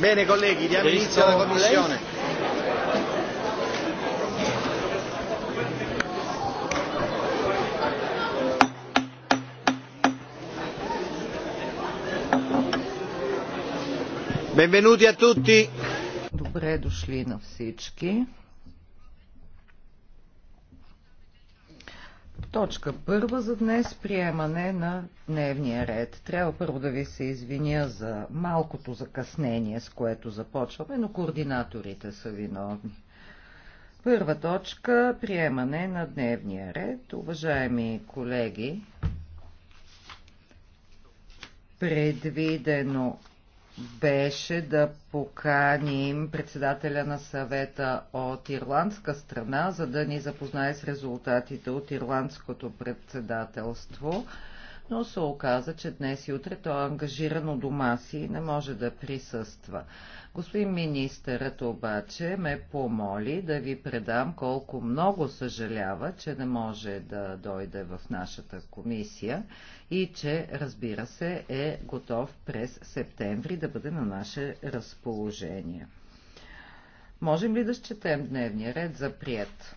Bene colleghi, diamo inizio alla commissione. Benvenuti a tutti. Добре дошли на всички. Точка първа за днес приемане на дневния ред. Трябва първо да ви се извиня за малкото закъснение, с което започваме, но координаторите са виновни. Първа точка приемане на дневния ред. Уважаеми колеги, предвидено беше да поканим председателя на съвета от ирландска страна, за да ни запознае с резултатите от ирландското председателство, но се оказа, че днес и утре той е ангажиран у дома си и не може да присъства. Господин министърът обаче ме помоли да ви предам колко много съжалява, че не може да дойде в нашата комисия и че, разбира се, е готов през септември да бъде на наше разположение. Можем ли да счетем дневния ред за прият?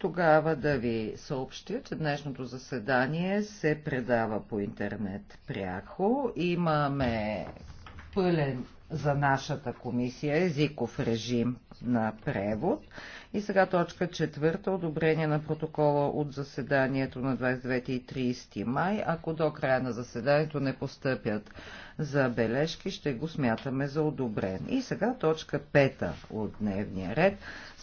тогава да ви съобщя, че днешното заседание се предава по интернет пряко. Имаме пълен за нашата комисия езиков режим на превод. И сега точка четвърта, одобрение на протокола от заседанието на 29 и 30 май. Ако до края на заседанието не постъпят забележки, ще го смятаме за одобрен. И сега точка пета от дневния ред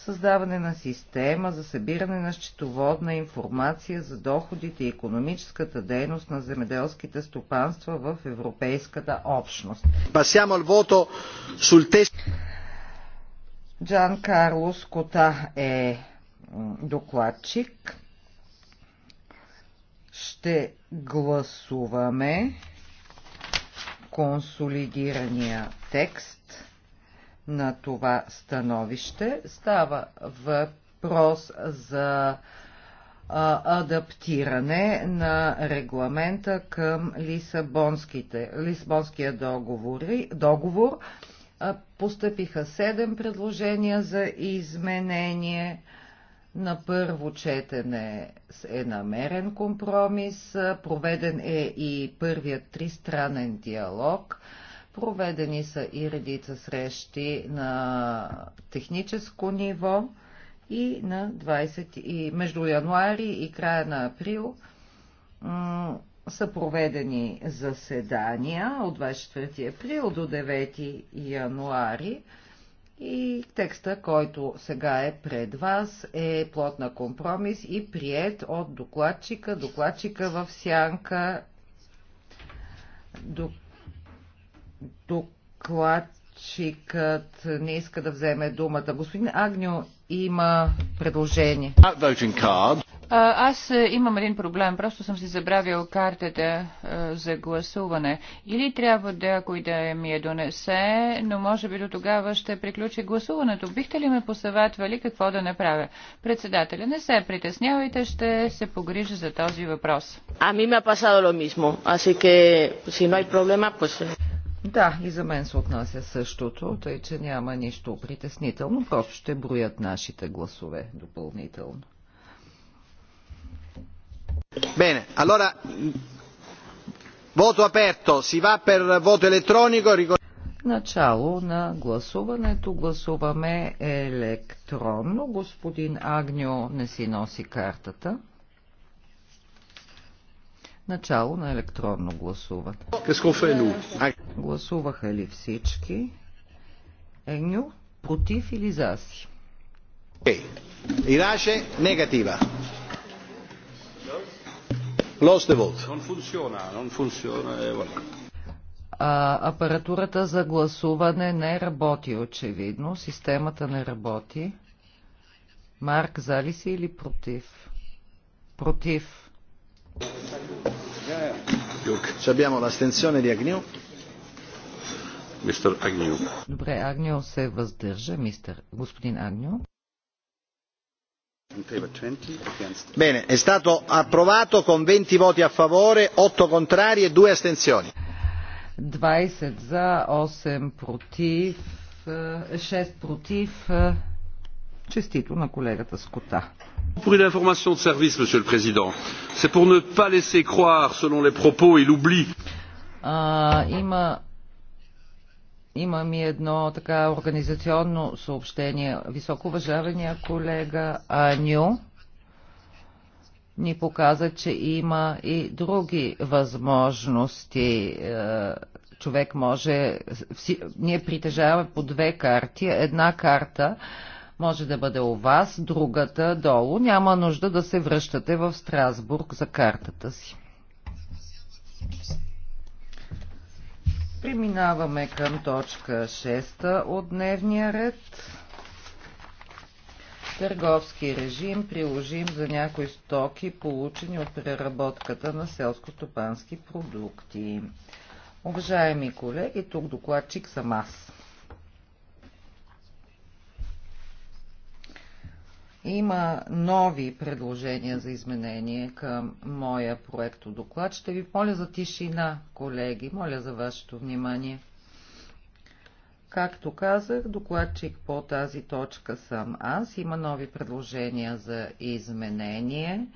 създаване на система за събиране на счетоводна информация за доходите и економическата дейност на земеделските стопанства в Европейската общност. Джан Карлос Кота е докладчик. Ще гласуваме консолидирания текст на това становище. Става въпрос за адаптиране на регламента към Лисабонския договор, договор. Постъпиха седем предложения за изменение. На първо четене е намерен компромис, проведен е и първият тристранен диалог. Проведени са и редица срещи на техническо ниво и на 20, и между януари и края на април са проведени заседания от 24 април до 9 януари. И текста, който сега е пред вас, е плод на компромис и прият от докладчика, докладчика в сянка, докладчикът не иска да вземе думата. Господин Агньо има предложение. Аз е, имам един проблем. Просто съм си забравил картата е, за гласуване. Или трябва да, кой да ми я донесе, но може би до тогава ще приключи гласуването. Бихте ли ме посъветвали какво да направя? Председателя, не се притеснявайте, ще се погрижа за този въпрос. Ами ме ha pasado lo mismo, así ке, си no hay problema, pues... Да, и за мен се отнася същото, тъй че няма нищо притеснително, просто ще броят нашите гласове допълнително. Bene, allora voto aperto, si va per voto elettronico. Начало на гласуването. Гласуваме електронно. Господин Агньо не си носи картата. Начало на електронно гласуване. Гласуваха ли всички? Еню, против или за си? Ираше, негатива. Eh, а, апаратурата за гласуване не работи очевидно, системата не работи. Марк, за ли си или против? Против. Добре, Агнио се въздържа, мистер. Господин Агнио. Bene, è stato approvato con 20 voti a favore, 8 contrari e 2 astensioni. 20 za, 8 protiv, 6 protiv. Честито на колегата Скота. Pour une information de service, Monsieur le Président, c'est pour ne pas laisser croire, selon les propos et l'oubli. Има има ми едно така организационно съобщение. Високо уважавания колега Аню ни показа, че има и други възможности. Е, човек може... Ние притежаваме по две карти. Една карта може да бъде у вас, другата долу. Няма нужда да се връщате в Страсбург за картата си. Преминаваме към точка 6 от дневния ред. Търговски режим приложим за някои стоки, получени от преработката на селско-стопански продукти. Уважаеми колеги, тук докладчик съм аз. Има нови предложения за изменение към моя проекто доклад. Ще ви моля за тишина, колеги. Моля за вашето внимание. Както казах, докладчик по тази точка съм аз. Има нови предложения за изменение.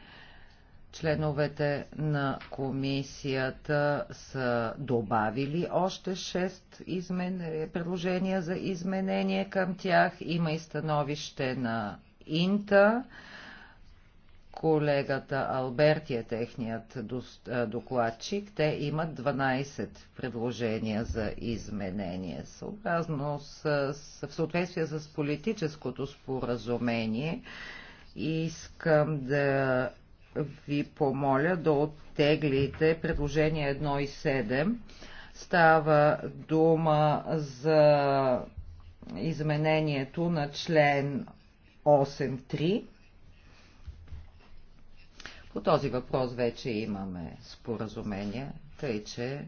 Членовете на комисията са добавили още 6 измен... предложения за изменение към тях. Има и становище на Инта. Колегата Алберти е техният докладчик. Те имат 12 предложения за изменение. Съобразно с, в съответствие с политическото споразумение искам да ви помоля да оттеглите предложения 1 и 7. Става дума за изменението на член 8.3. По този въпрос вече имаме споразумение, тъй че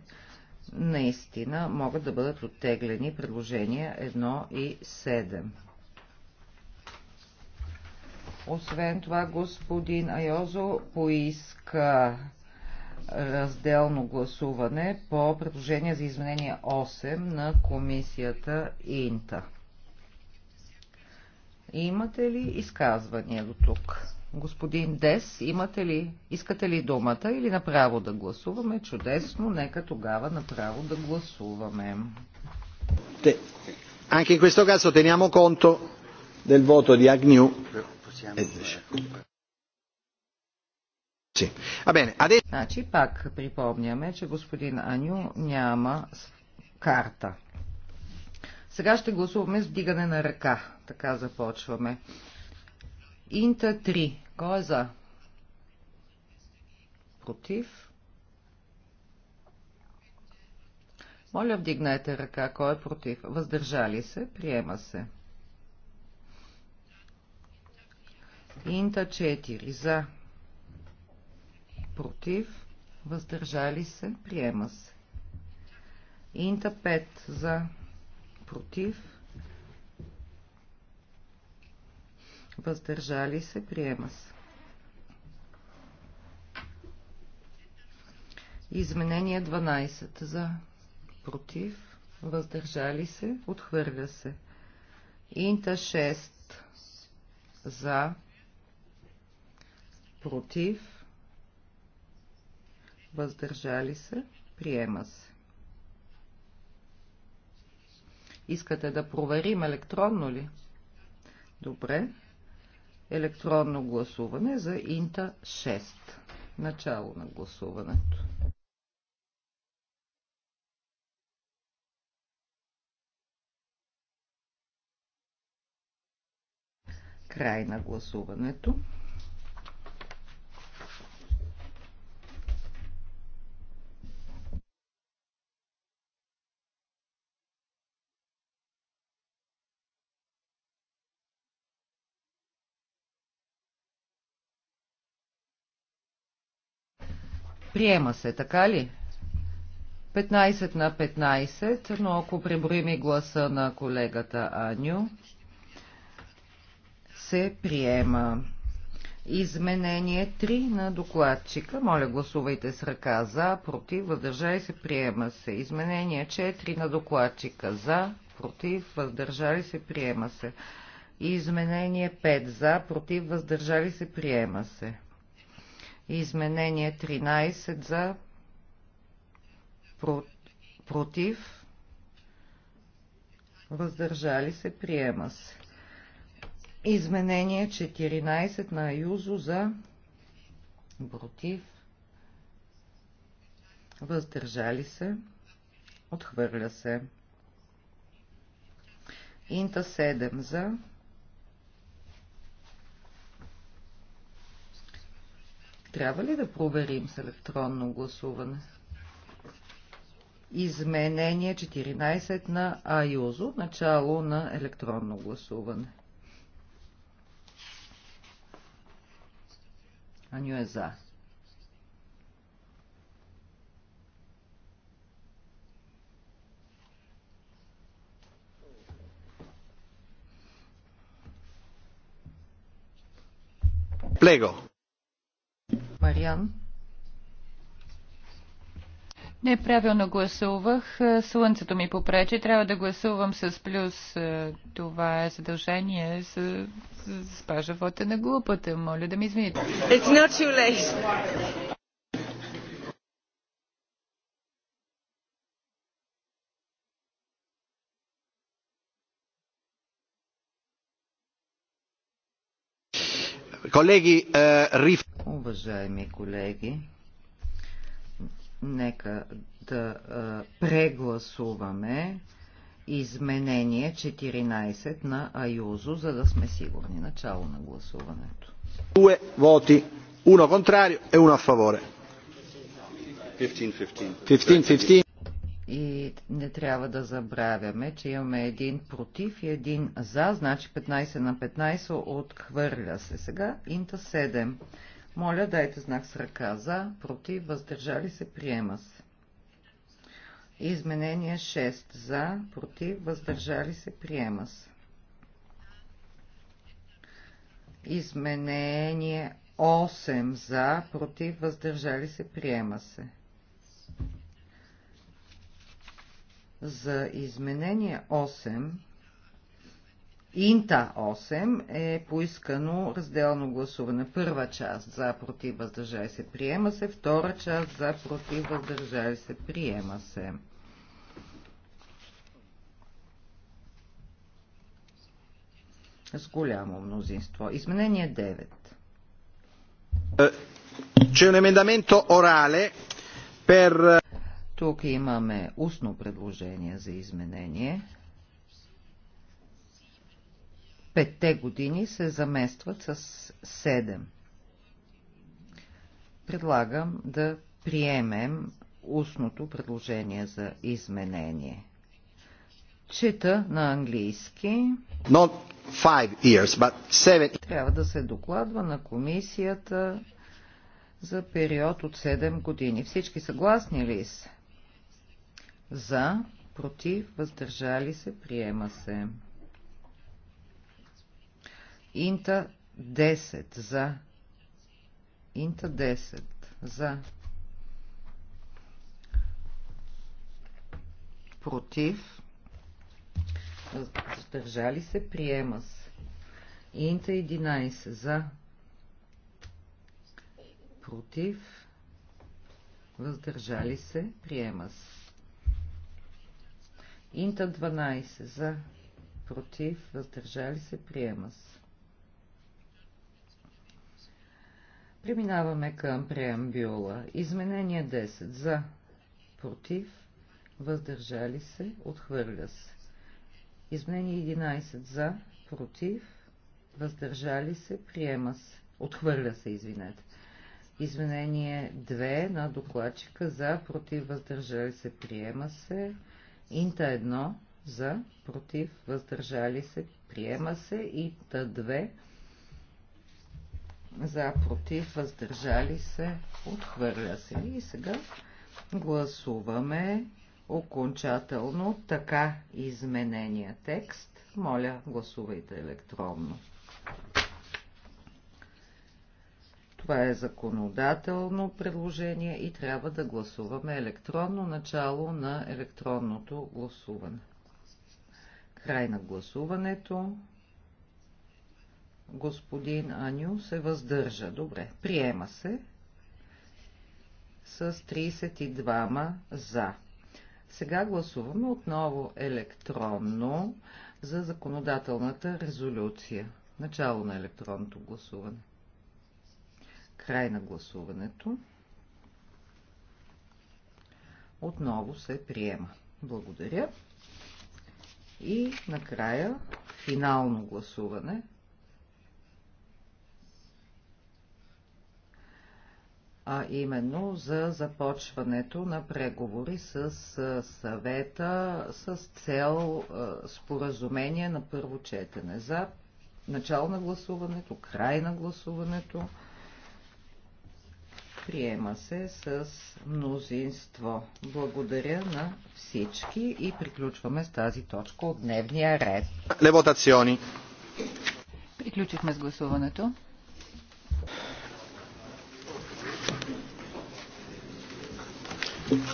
наистина могат да бъдат оттеглени предложения 1 и 7. Освен това, господин Айозо поиска разделно гласуване по предложение за изменение 8 на комисията Инта. Имате ли изказвания до тук? Господин Дес, имате ли, искате ли думата или направо да гласуваме? Чудесно, нека тогава направо да гласуваме. Anche in questo caso teniamo conto del voto di Agnew. Eh, значи пак припомняме, че господин Аню няма карта. Сега ще гласуваме с вдигане на ръка. Така започваме. Инта 3. Кой е за? Против? Моля, вдигнете ръка. Кой е против? Въздържали се? Приема се. Инта 4. За. Против. Въздържали се. Приема се. Инта 5. За против, въздържали се, приема се. Изменение 12 за против, въздържали се, отхвърля се. Инта 6 за против, въздържали се, приема се. Искате да проверим електронно ли? Добре. Електронно гласуване за Инта 6. Начало на гласуването. Край на гласуването. Приема се, така ли? 15 на 15, но ако преброим и гласа на колегата Аню, се приема. Изменение 3 на докладчика. Моля, гласувайте с ръка за, против, въздържали се, приема се. Изменение 4 на докладчика за, против, въздържали се, приема се. Изменение 5 за, против, въздържали се, приема се. Изменение 13 за против, въздържали се, приема се. Изменение 14 на Юзо за против, въздържали се, отхвърля се. Инта 7 за Трябва ли да проверим с електронно гласуване? Изменение 14 на Айозо, начало на електронно гласуване. Аню е за. Плего. Не правилно гласувах. Е, Слънцето ми попречи. Трябва да гласувам с плюс. Е, Това е задължение за, за спажа вота на глупата. Моля да ми извините. It's not too late. Е, Уважаеми колеги, нека да е, прегласуваме изменение 14 на Аюзо, за да сме сигурни. Начало на гласуването. 15-15. И не трябва да забравяме, че имаме един против и един за, значи 15 на 15 отхвърля се. Сега инта 7. Моля, дайте знак с ръка за, против, въздържали се, приема се. Изменение 6. За, против, въздържали се, приема се. Изменение 8. За, против, въздържали се, приема се. За изменение 8, Инта 8, е поискано разделно гласуване. Първа част за против въздържали се приема се, втора част за против въздържали се приема се. с голямо мнозинство. Изменение 9. C'è un emendamento orale per... Тук имаме устно предложение за изменение. Петте години се заместват с седем. Предлагам да приемем устното предложение за изменение. Чета на английски. Not five years, but seven... Трябва да се докладва на комисията за период от 7 години. Всички съгласни ли са? За, против, въздържали се, приема се. Инта 10 за. Инта 10 за. Против. Въздържали се, приема се. Инта 11 за. Против. Въздържали се, приема се. Инта 12 за, против, въздържали се, приема се. Преминаваме към преамбюла. Изменение 10 за, против, въздържали се, отхвърля се. Изменение 11 за, против, въздържали се, приема се, отхвърля се, извинете. Изменение 2 на докладчика за, против, въздържали се, приема се. Инта 1 за, против, въздържали се, приема се. Инта 2 за, против, въздържали се, отхвърля се. И сега гласуваме окончателно така изменения текст. Моля, гласувайте електронно. Това е законодателно предложение и трябва да гласуваме електронно начало на електронното гласуване. Край на гласуването. Господин Аню се въздържа. Добре, приема се с 32 за. Сега гласуваме отново електронно за законодателната резолюция. Начало на електронното гласуване. Край на гласуването. Отново се приема. Благодаря. И накрая финално гласуване. А именно за започването на преговори с съвета с цел споразумение на първо четене. За начало на гласуването, край на гласуването. Приема се с мнозинство. Благодаря на всички и приключваме с тази точка от дневния ред. Левотациони. Приключихме с гласуването.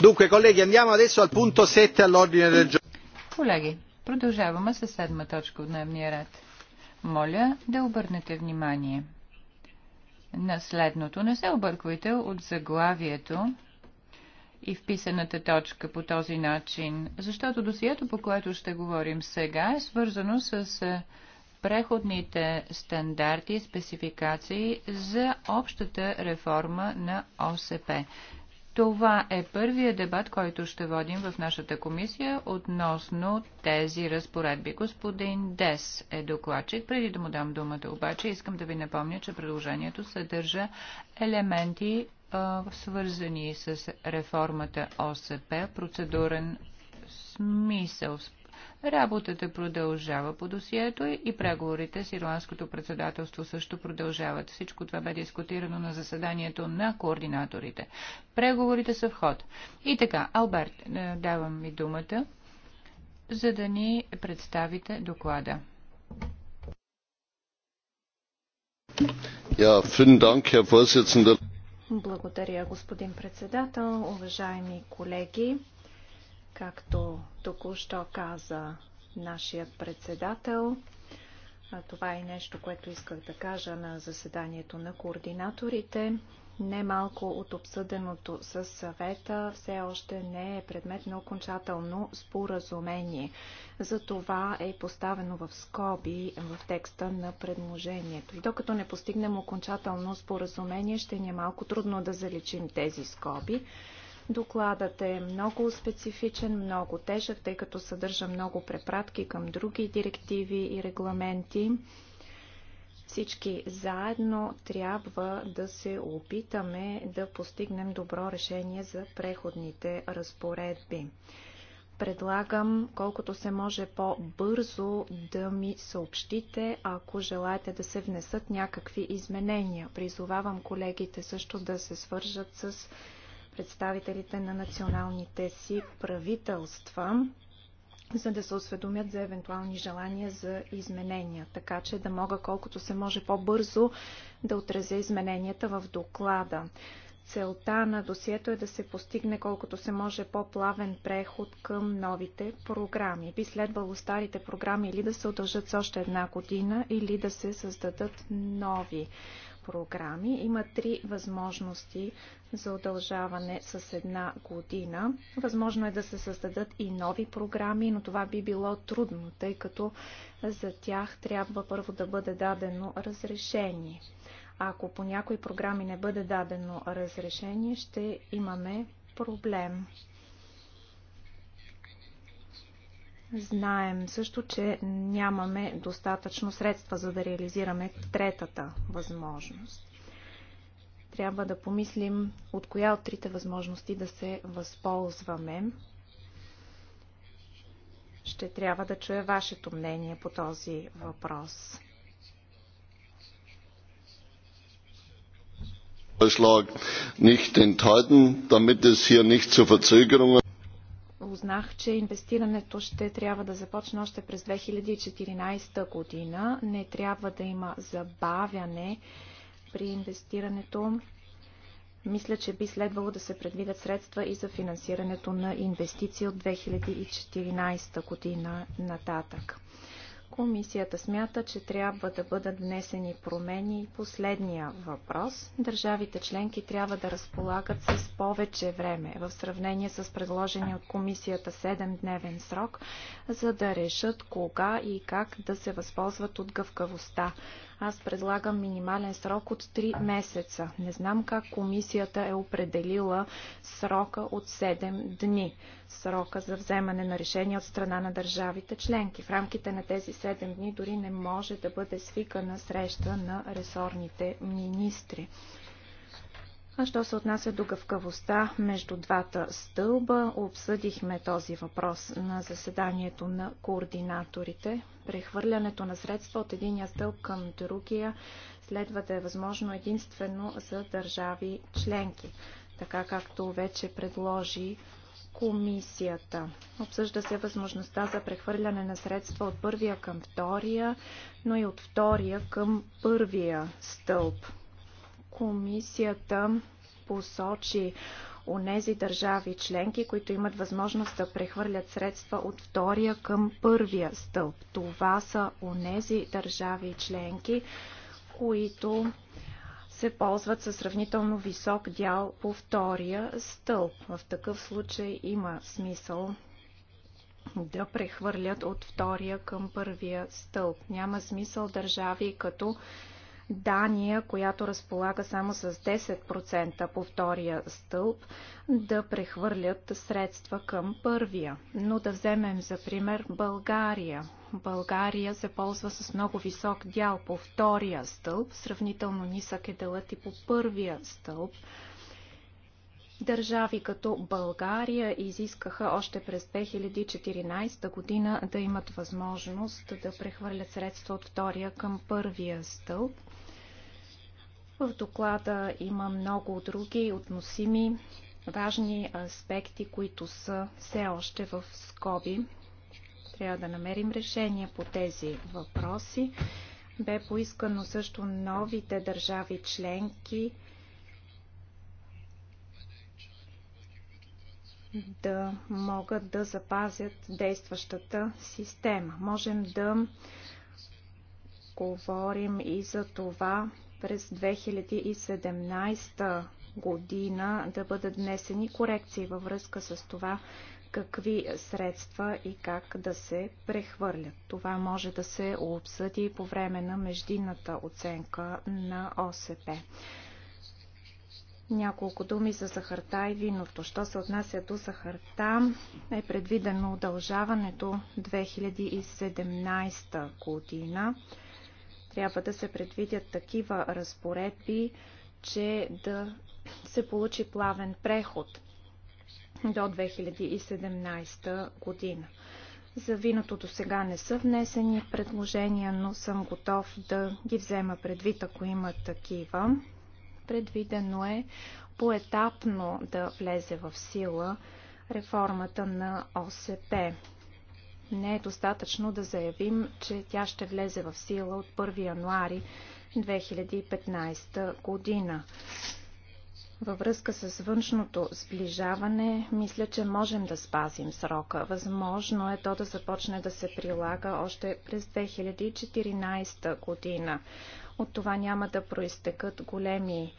Dunque, colleghi, andiamo adesso al punto 7 all'ordine del giorno. Колеги, продължаваме с седма точка от дневния ред. Моля да обърнете внимание на следното. Не се обърквайте от заглавието и вписаната точка по този начин, защото досието, по което ще говорим сега, е свързано с е, преходните стандарти и спецификации за общата реформа на ОСП. Това е първия дебат, който ще водим в нашата комисия относно тези разпоредби. Господин Дес е докладчик. Преди да му дам думата обаче, искам да ви напомня, че предложението съдържа елементи свързани с реформата ОСП, процедурен смисъл. Работата продължава по досието и преговорите с ирландското председателство също продължават. Всичко това бе дискутирано на заседанието на координаторите. Преговорите са в ход. И така, Алберт, е, давам ми думата, за да ни представите доклада. Ja, vielen Dank, Herr Vorsitzender. Благодаря, господин председател. Уважаеми колеги, Както току-що каза нашият председател, а това е нещо, което исках да кажа на заседанието на координаторите. Немалко от обсъденото с съвета все още не е предмет на окончателно споразумение. За това е поставено в скоби в текста на предложението. И докато не постигнем окончателно споразумение, ще ни е малко трудно да заличим тези скоби. Докладът е много специфичен, много тежък, тъй като съдържа много препратки към други директиви и регламенти. Всички заедно трябва да се опитаме да постигнем добро решение за преходните разпоредби предлагам колкото се може по-бързо да ми съобщите, ако желаете да се внесат някакви изменения. Призовавам колегите също да се свържат с представителите на националните си правителства, за да се осведомят за евентуални желания за изменения, така че да мога колкото се може по-бързо да отразя измененията в доклада. Целта на досието е да се постигне колкото се може по-плавен преход към новите програми. Би следвало старите програми или да се удължат с още една година, или да се създадат нови програми. Има три възможности за удължаване с една година. Възможно е да се създадат и нови програми, но това би било трудно, тъй като за тях трябва първо да бъде дадено разрешение. Ако по някои програми не бъде дадено разрешение, ще имаме проблем. Знаем също, че нямаме достатъчно средства, за да реализираме третата възможност трябва да помислим от коя от трите възможности да се възползваме. Ще трябва да чуя вашето мнение по този въпрос. Узнах, че инвестирането ще трябва да започне още през 2014 година. Не трябва да има забавяне при инвестирането. Мисля, че би следвало да се предвидят средства и за финансирането на инвестиции от 2014 година нататък. Комисията смята, че трябва да бъдат внесени промени последния въпрос. Държавите членки трябва да разполагат с повече време в сравнение с предложения от комисията 7-дневен срок, за да решат кога и как да се възползват от гъвкавостта аз предлагам минимален срок от 3 месеца. Не знам как комисията е определила срока от 7 дни. Срока за вземане на решение от страна на държавите членки. В рамките на тези 7 дни дори не може да бъде свикана среща на ресорните министри. А що се отнася до гъвкавостта между двата стълба, обсъдихме този въпрос на заседанието на координаторите. Прехвърлянето на средства от единия стълб към другия следва да е възможно единствено за държави членки, така както вече предложи комисията. Обсъжда се възможността за прехвърляне на средства от първия към втория, но и от втория към първия стълб. Комисията посочи нези държави членки, които имат възможност да прехвърлят средства от втория към първия стълб. Това са онези държави членки, които се ползват със сравнително висок дял по втория стълб. В такъв случай има смисъл да прехвърлят от втория към първия стълб. Няма смисъл държави като Дания, която разполага само с 10% по втория стълб, да прехвърлят средства към първия. Но да вземем за пример България. България се ползва с много висок дял по втория стълб, сравнително нисък е делът и по първия стълб. Държави като България изискаха още през 2014 година да имат възможност да прехвърлят средства от втория към първия стълб. В доклада има много други относими важни аспекти, които са все още в скоби. Трябва да намерим решение по тези въпроси. Бе поискано също новите държави членки да могат да запазят действащата система. Можем да говорим и за това през 2017 година да бъдат внесени корекции във връзка с това какви средства и как да се прехвърлят. Това може да се обсъди по време на междинната оценка на ОСП. Няколко думи за сахарта и виното. Що се отнася до сахарта, е предвидено удължаването 2017 година. Трябва да се предвидят такива разпоредби, че да се получи плавен преход до 2017 година. За виното до сега не са внесени предложения, но съм готов да ги взема предвид, ако има такива. Предвидено е поетапно да влезе в сила реформата на ОСП. Не е достатъчно да заявим, че тя ще влезе в сила от 1 януари 2015 година. Във връзка с външното сближаване, мисля, че можем да спазим срока. Възможно е то да започне да се прилага още през 2014 година. От това няма да проистекат големи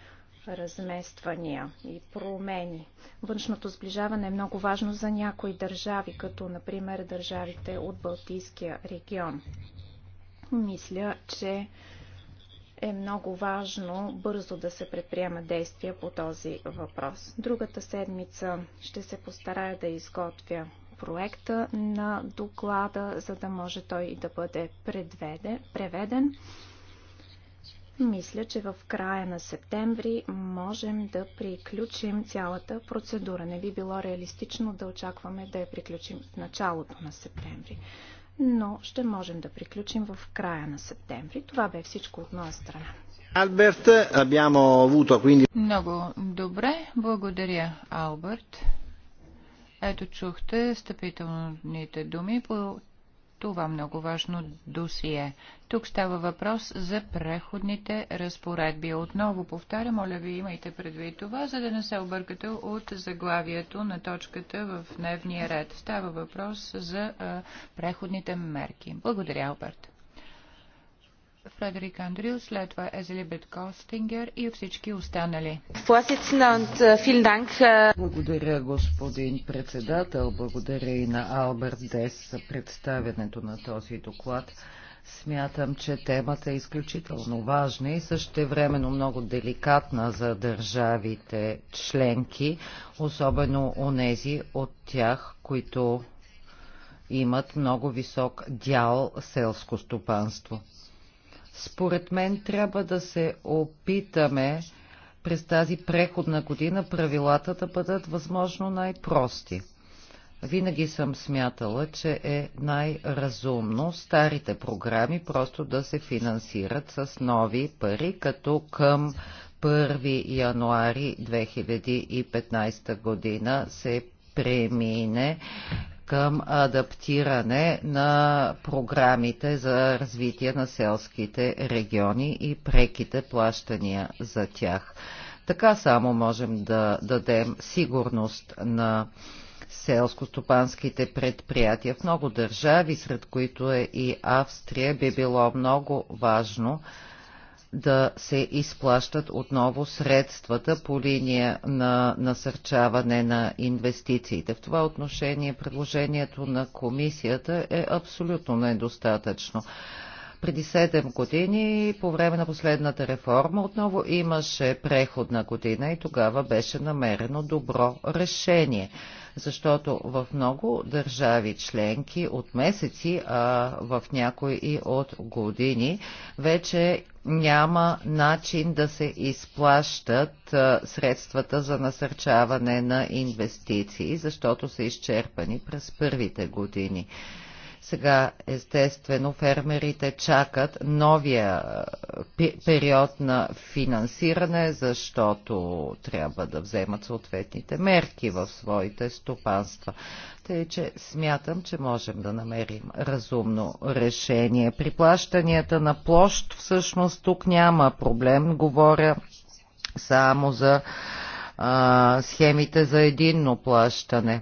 размествания и промени. Външното сближаване е много важно за някои държави, като например държавите от Балтийския регион. Мисля, че е много важно бързо да се предприема действия по този въпрос. Другата седмица ще се постарая да изготвя проекта на доклада, за да може той да бъде преведен. Мисля, че в края на септември можем да приключим цялата процедура. Не би било реалистично да очакваме да я приключим в началото на септември, но ще можем да приключим в края на септември. Това бе всичко от моя страна. Алберт, abbiamo avuto quindi... Много добре, благодаря, Алберт. Ето чухте стъпителните думи по това много важно досие. Тук става въпрос за преходните разпоредби. Отново повтарям, моля ви имайте предвид това, за да не се объркате от заглавието на точката в дневния ред. Става въпрос за а, преходните мерки. Благодаря, Алберт. Фредерик Андрил, след това Езелибет Костингер и всички останали. Eh, eh. Благодаря, господин председател. Благодаря и на Алберт Дес за представянето на този доклад. Смятам, че темата е изключително важна и също времено много деликатна за държавите членки, особено онези от тях, които имат много висок дял селско стопанство. Според мен трябва да се опитаме през тази преходна година правилата да бъдат възможно най-прости. Винаги съм смятала, че е най-разумно старите програми просто да се финансират с нови пари, като към 1 януари 2015 година се премине към адаптиране на програмите за развитие на селските региони и преките плащания за тях. Така само можем да дадем сигурност на селско-стопанските предприятия. В много държави, сред които е и Австрия, би било много важно да се изплащат отново средствата по линия на насърчаване на инвестициите. В това отношение предложението на комисията е абсолютно недостатъчно преди 7 години, по време на последната реформа, отново имаше преходна година и тогава беше намерено добро решение защото в много държави членки от месеци, а в някои и от години, вече няма начин да се изплащат средствата за насърчаване на инвестиции, защото са изчерпани през първите години. Сега, естествено, фермерите чакат новия период на финансиране, защото трябва да вземат съответните мерки в своите стопанства. Тъй, че смятам, че можем да намерим разумно решение. При плащанията на площ всъщност тук няма проблем. Говоря само за а, схемите за единно плащане.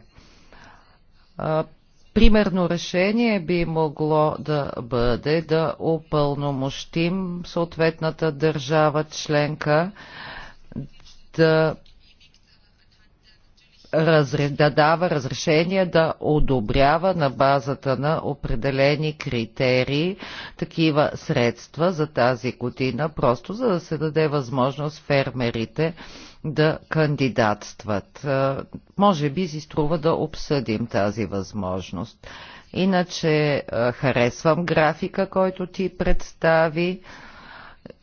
Примерно решение би могло да бъде да опълномощим съответната държава членка да да дава разрешение да одобрява на базата на определени критерии такива средства за тази година, просто за да се даде възможност фермерите да кандидатстват. Е, може би си струва да обсъдим тази възможност. Иначе е, харесвам графика, който ти представи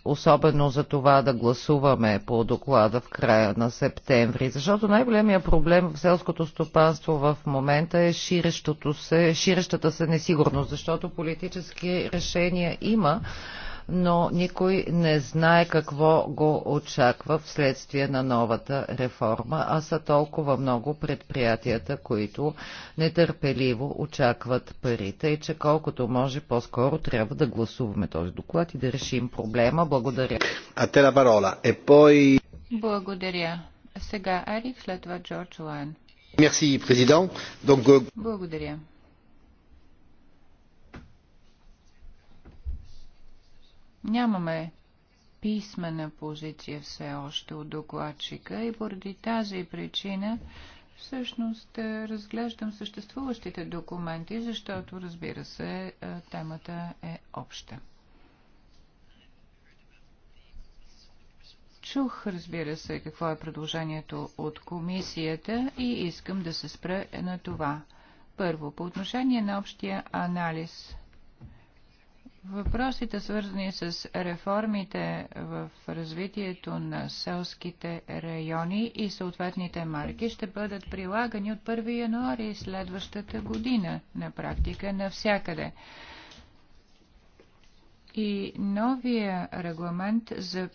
особено за това да гласуваме по доклада в края на септември, защото най-големия проблем в селското стопанство в момента е ширещата се, ширещата се несигурност, защото политически решения има, но никой не знае какво го очаква вследствие на новата реформа, а са толкова много предприятията, които нетърпеливо очакват парите и че колкото може по-скоро трябва да гласуваме този доклад и да решим проблема. Благодаря. А те на парола. Е пой... Благодаря. Сега Ари, след това Джордж Лайн. Euh, Благодаря. Нямаме писмена позиция все още от докладчика и поради тази причина всъщност е, разглеждам съществуващите документи, защото разбира се е, темата е обща. Чух, разбира се, какво е предложението от комисията и искам да се спра на това. Първо, по отношение на общия анализ Въпросите, свързани с реформите в развитието на селските райони и съответните марки, ще бъдат прилагани от 1 януари следващата година на практика навсякъде. И новия регламент за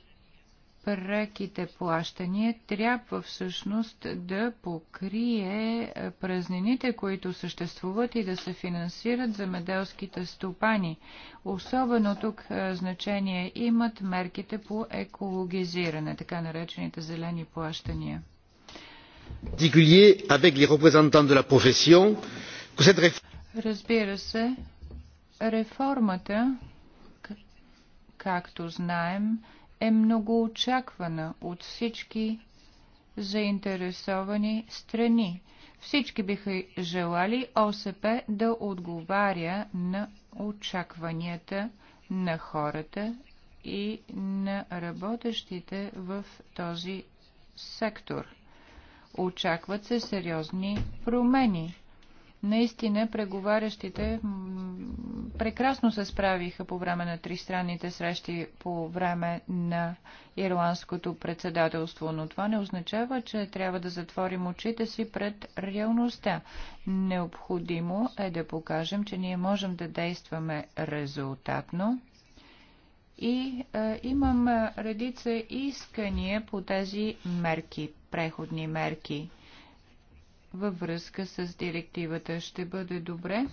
преките плащания трябва всъщност да покрие е, празнините, които съществуват и да се финансират замеделските стопани. Особено тук е, значение имат мерките по екологизиране, така наречените зелени плащания. Разбира се, реформата, както знаем, е много очаквана от всички заинтересовани страни. Всички биха желали ОСП да отговаря на очакванията на хората и на работещите в този сектор. Очакват се сериозни промени Наистина преговарящите прекрасно се справиха по време на тристранните срещи по време на ирландското председателство, но това не означава, че трябва да затворим очите си пред реалността. Необходимо е да покажем, че ние можем да действаме резултатно и е, имам редица искания по тези мерки, преходни мерки във връзка с директивата. Ще бъде добре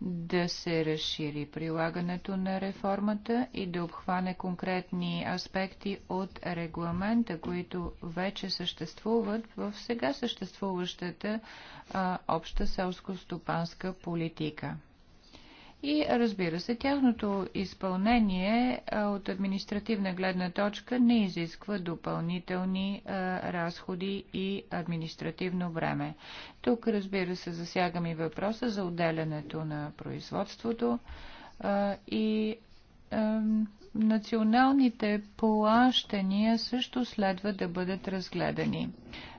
да се разшири прилагането на реформата и да обхване конкретни аспекти от регламента, които вече съществуват в сега съществуващата а, обща селско-стопанска политика. И разбира се, тяхното изпълнение от административна гледна точка не изисква допълнителни а, разходи и административно време. Тук, разбира се, засягам и въпроса за отделянето на производството а, и а, националните плащания също следва да бъдат разгледани.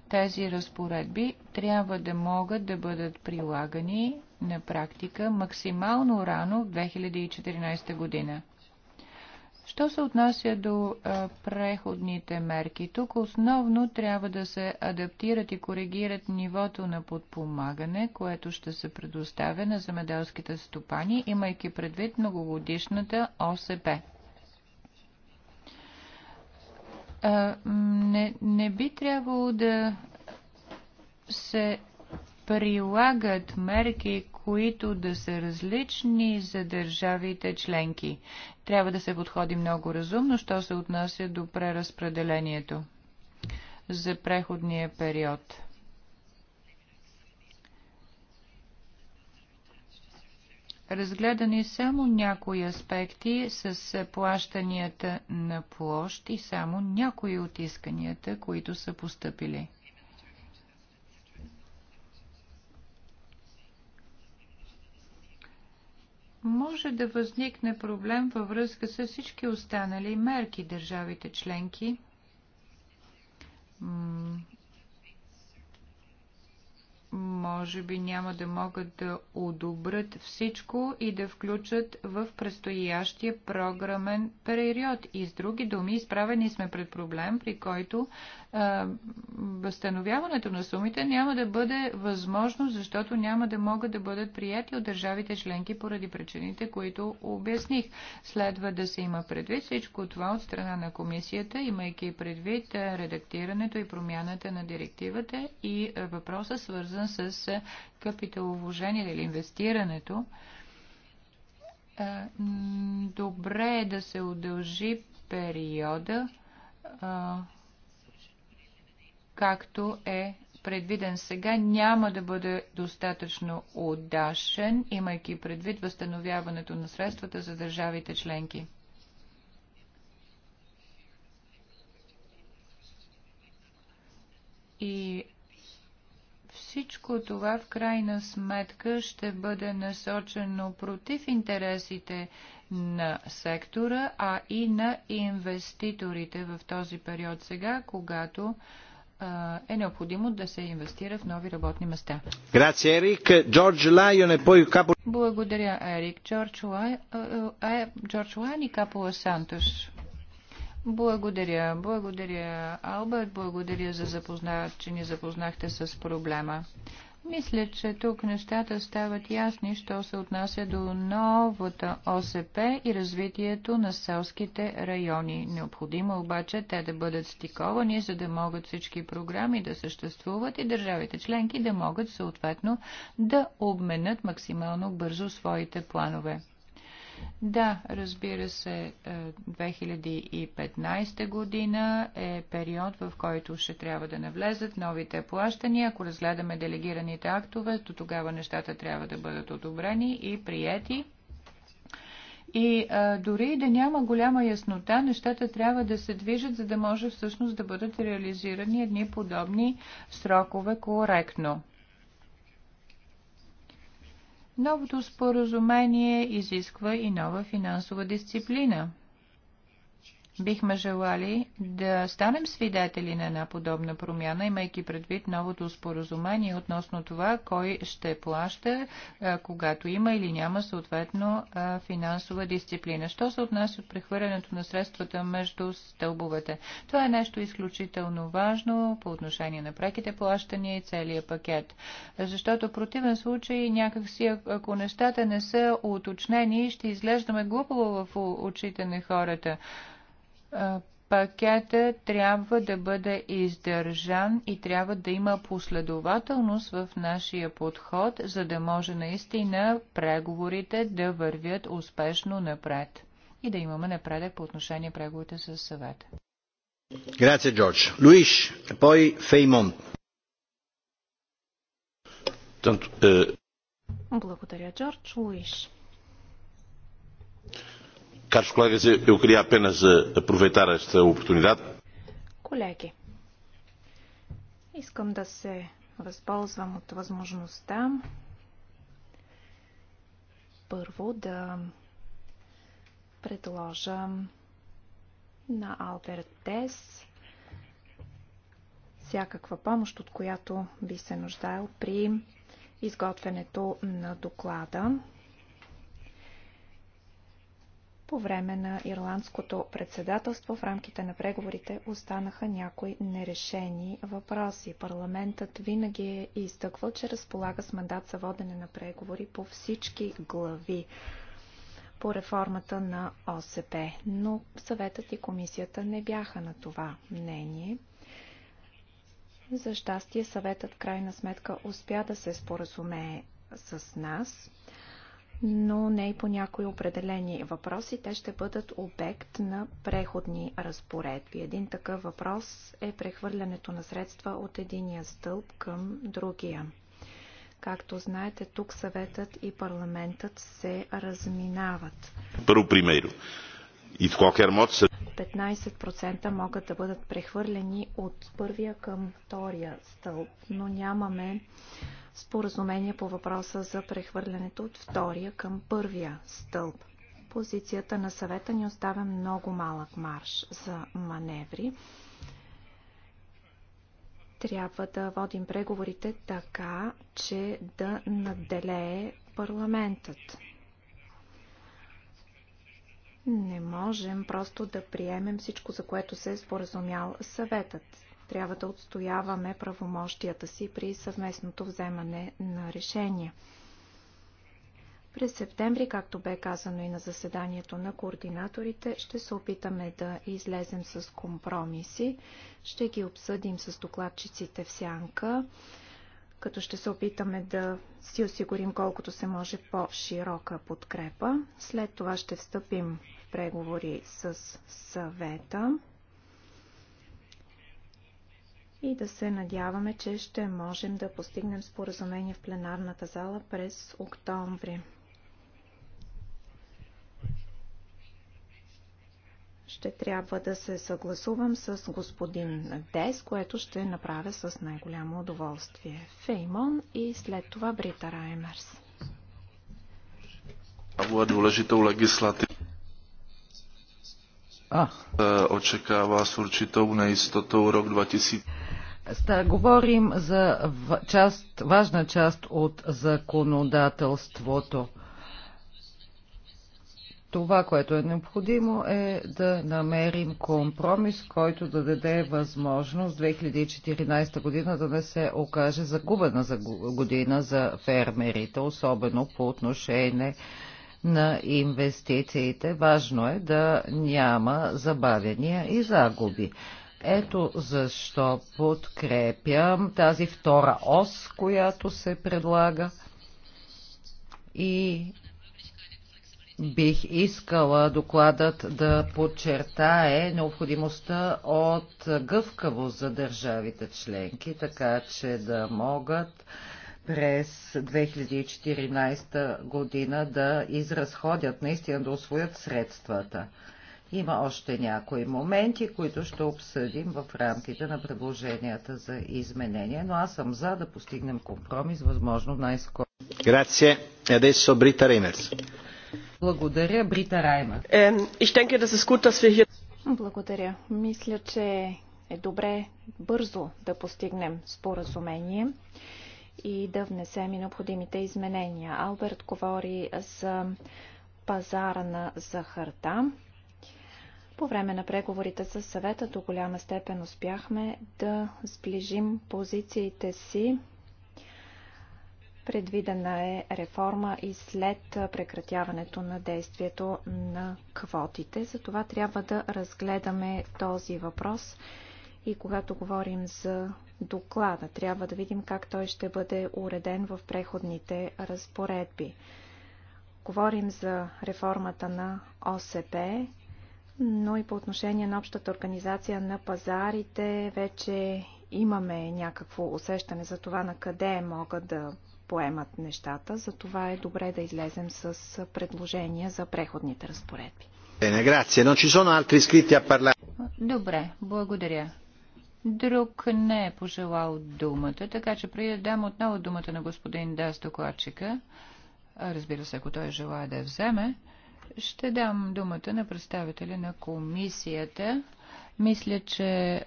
Тези разпоредби трябва да могат да бъдат прилагани на практика максимално рано в 2014 година. Що се отнася до а, преходните мерки, тук основно трябва да се адаптират и коригират нивото на подпомагане, което ще се предоставя на земеделските стопани, имайки предвид многогодишната ОСП. А, не, не би трябвало да се прилагат мерки, които да са различни за държавите членки. Трябва да се подходи много разумно, що се отнася до преразпределението за преходния период. Разгледани само някои аспекти с плащанията на площ и само някои от исканията, които са поступили. може да възникне проблем във връзка с всички останали мерки държавите членки може би няма да могат да одобрят всичко и да включат в предстоящия програмен период. И с други думи, изправени сме пред проблем, при който а, възстановяването на сумите няма да бъде възможно, защото няма да могат да бъдат прияти от държавите членки поради причините, които обясних. Следва да се има предвид всичко това от страна на комисията, имайки предвид редактирането и промяната на директивата и въпроса свързан свързан с капиталовложението или инвестирането. Добре е да се удължи периода, както е предвиден сега, няма да бъде достатъчно удашен, имайки предвид възстановяването на средствата за държавите членки. И всичко това в крайна сметка ще бъде насочено против интересите на сектора, а и на инвеститорите в този период сега, когато е необходимо да се инвестира в нови работни места. Е Благодаря, Ерик. Джордж е, е, Лайон и Капола Сантос. Благодаря, благодаря, Алберт, благодаря за запозна, че ни запознахте с проблема. Мисля, че тук нещата стават ясни, що се отнася до новата ОСП и развитието на селските райони. Необходимо обаче те да бъдат стиковани, за да могат всички програми да съществуват и държавите членки да могат съответно да обменят максимално бързо своите планове. Да, разбира се, 2015 е, година е период, в който ще трябва да навлезат новите плащания. Ако разгледаме делегираните актове, то тогава нещата трябва да бъдат одобрени и приети. И а, е, дори да няма голяма яснота, нещата трябва да се движат, за да може всъщност да бъдат реализирани едни подобни срокове коректно. Новото споразумение изисква и нова финансова дисциплина – бихме желали да станем свидетели на една подобна промяна, имайки предвид новото споразумение относно това, кой ще плаща, когато има или няма съответно финансова дисциплина. Що се отнася от прехвърлянето на средствата между стълбовете? Това е нещо изключително важно по отношение на преките плащания и целият пакет. Защото в противен случай някакси, ако нещата не са уточнени, ще изглеждаме глупо в очите на хората пакета трябва да бъде издържан и трябва да има последователност в нашия подход, за да може наистина преговорите да вървят успешно напред и да имаме напредък по отношение преговорите с съвета. Грация, Джордж. Луиш, пой Феймон. Е, Благодаря, Джордж. Луиш. Caros colegas, eu queria apenas eh, aproveitar esta oportunidade. Колеги, искам да се възползвам от възможността първо да предложа на Алберт Тес всякаква помощ, от която би се нуждаел при изготвянето на доклада. По време на ирландското председателство в рамките на преговорите останаха някои нерешени въпроси. Парламентът винаги е изтъквал, че разполага с мандат за водене на преговори по всички глави по реформата на ОСП, но съветът и комисията не бяха на това мнение. За щастие съветът крайна сметка успя да се споразумее с нас но не и по някои определени въпроси. Те ще бъдат обект на преходни разпоредби. Един такъв въпрос е прехвърлянето на средства от единия стълб към другия. Както знаете, тук съветът и парламентът се разминават. Първо примеро. И в се 15% могат да бъдат прехвърлени от първия към втория стълб, но нямаме споразумение по въпроса за прехвърлянето от втория към първия стълб. Позицията на съвета ни оставя много малък марш за маневри. Трябва да водим преговорите така, че да надделее парламентът. Не можем просто да приемем всичко, за което се е споразумял съветът трябва да отстояваме правомощията си при съвместното вземане на решения. През септември, както бе казано и на заседанието на координаторите, ще се опитаме да излезем с компромиси. Ще ги обсъдим с докладчиците в сянка, като ще се опитаме да си осигурим колкото се може по-широка подкрепа. След това ще встъпим в преговори с съвета и да се надяваме, че ще можем да постигнем споразумение в пленарната зала през октомври. Ще трябва да се съгласувам с господин Дес, което ще направя с най-голямо удоволствие. Феймон и след това Брита Раймерс. А. Е, с урчител на nejistotou урок 2000. Ста, говорим за част, важна част от законодателството. Това, което е необходимо е да намерим компромис, който да даде възможност 2014 година да не се окаже загубена за година за фермерите, особено по отношение на инвестициите. Важно е да няма забавения и загуби. Ето защо подкрепям тази втора ос, която се предлага и бих искала докладът да подчертае необходимостта от гъвкавост за държавите членки, така че да могат през 2014 година да изразходят, наистина да освоят средствата. Има още някои моменти, които ще обсъдим в рамките на предложенията за изменение, но аз съм за да постигнем компромис възможно най-скоро. Грация. Адесо Брита Реймерс. Благодаря, Брита Райма. Благодаря. Мисля, че е добре бързо да постигнем споразумение и да внесем и необходимите изменения. Алберт говори за пазара на захарта. По време на преговорите с съвета до голяма степен успяхме да сближим позициите си. Предвидена е реформа и след прекратяването на действието на квотите. Затова трябва да разгледаме този въпрос и когато говорим за доклада, трябва да видим как той ще бъде уреден в преходните разпоредби. Говорим за реформата на ОСП, но и по отношение на общата организация на пазарите вече имаме някакво усещане за това на къде могат да поемат нещата. За това е добре да излезем с предложения за преходните разпоредби. Добре, благодаря. Друг не е пожелал думата, така че преди дам отново думата на господин Дас докладчика, разбира се, ако той желая да я вземе, ще дам думата на представителя на комисията. Мисля, че е,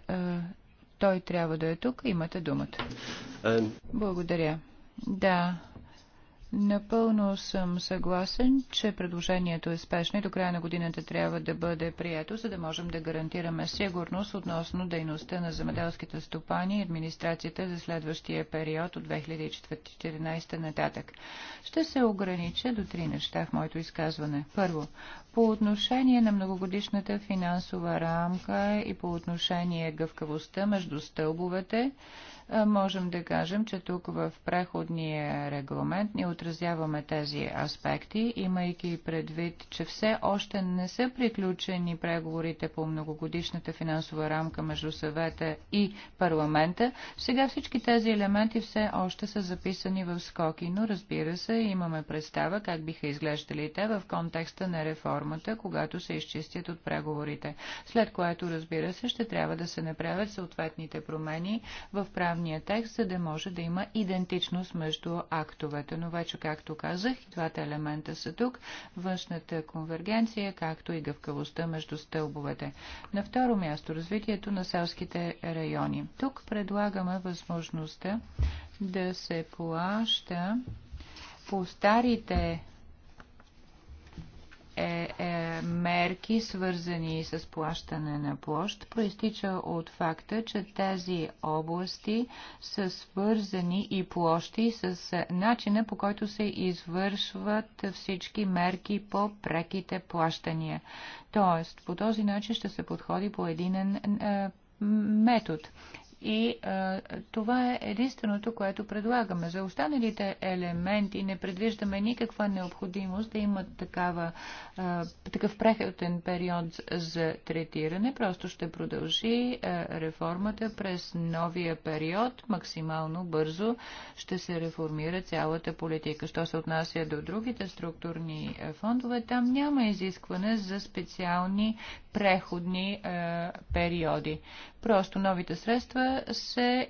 той трябва да е тук. Имате думата. Е, Благодаря. Да, Напълно съм съгласен, че предложението е спешно и до края на годината трябва да бъде прието, за да можем да гарантираме сигурност относно дейността на земеделските стопани и администрацията за следващия период от 2014 нататък. Ще се огранича до три неща в моето изказване. Първо, по отношение на многогодишната финансова рамка и по отношение гъвкавостта между стълбовете, е, можем да кажем, че тук в преходния регламент ни отразяваме тези аспекти, имайки предвид, че все още не са приключени преговорите по многогодишната финансова рамка между съвета и парламента. Сега всички тези елементи все още са записани в скоки, но разбира се, имаме представа как биха изглеждали те в контекста на реформата, когато се изчистят от преговорите. След което, разбира се, ще трябва да се направят съответните промени в правната правния текст, за да може да има идентичност между актовете. Но вече, както казах, двата елемента са тук. Външната конвергенция, както и гъвкавостта между стълбовете. На второ място, развитието на селските райони. Тук предлагаме възможността да се плаща по старите е, е, мерки, свързани с плащане на площ, проистича от факта, че тези области са свързани и площи с начина по който се извършват всички мерки по преките плащания. Тоест, по този начин ще се подходи по един е, метод. И а, това е единственото, което предлагаме. За останалите елементи не предвиждаме никаква необходимост да имат такава, а, такъв преходен период за третиране. Просто ще продължи а, реформата през новия период. Максимално бързо ще се реформира цялата политика. Що се отнася до другите структурни фондове, там няма изискване за специални преходни а, периоди. Просто новите средства се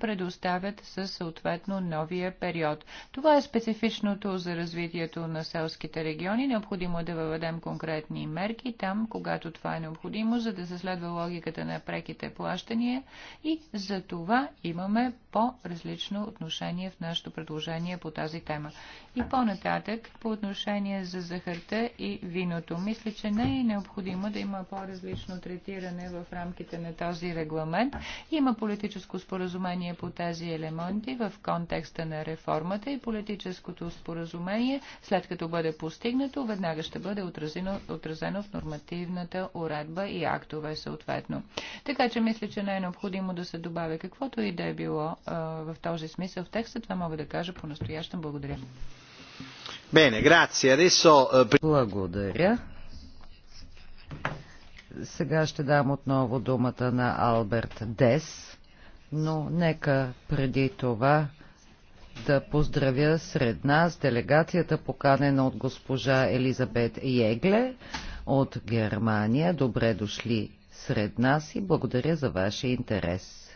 предоставят със съответно новия период. Това е специфичното за развитието на селските региони. Необходимо е да въведем конкретни мерки там, когато това е необходимо, за да се следва логиката на преките плащания и за това имаме по-различно отношение в нашето предложение по тази тема. И по-нататък, по отношение за захарта и виното. Мисля, че не е необходимо да има по-различно третиране в рамките на този регламент и има политическо споразумение по тези елементи в контекста на реформата и политическото споразумение, след като бъде постигнато, веднага ще бъде отразено, отразено в нормативната уредба и актове съответно. Така че мисля, че не е необходимо да се добавя каквото и да е било а, в този смисъл в текста. Това мога да кажа по-настоящем. Благодаря. Eh, Благодаря. Сега ще дам отново думата на Алберт Дес, но нека преди това да поздравя сред нас делегацията поканена от госпожа Елизабет Егле от Германия. Добре дошли сред нас и благодаря за вашия интерес.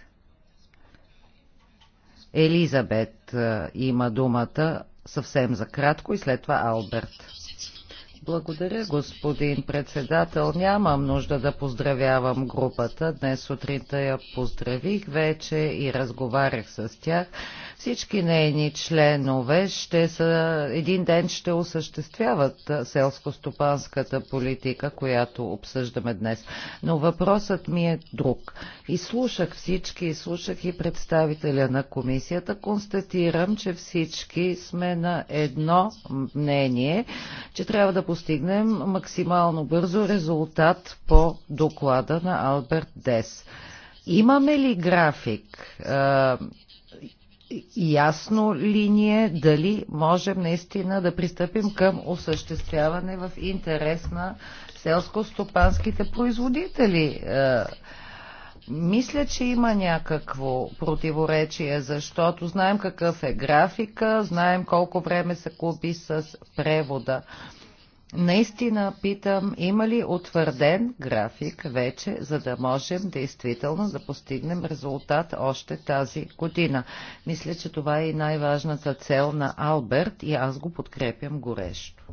Елизабет има думата съвсем за кратко и след това Алберт. Благодаря, господин председател. Нямам нужда да поздравявам групата. Днес сутринта я поздравих вече и разговарях с тях. Всички нейни членове ще са, един ден ще осъществяват селско-стопанската политика, която обсъждаме днес. Но въпросът ми е друг. И слушах всички, и слушах и представителя на комисията. Констатирам, че всички сме на едно мнение, че трябва да постигнем максимално бързо резултат по доклада на Алберт Дес. Имаме ли график? ясно ли ни е дали можем наистина да пристъпим към осъществяване в интерес на селско-стопанските производители. Мисля, че има някакво противоречие, защото знаем какъв е графика, знаем колко време се купи с превода. Наистина питам, има ли утвърден график вече, за да можем действително да постигнем резултат още тази година? Мисля, че това е и най-важната цел на Алберт и аз го подкрепям горещо.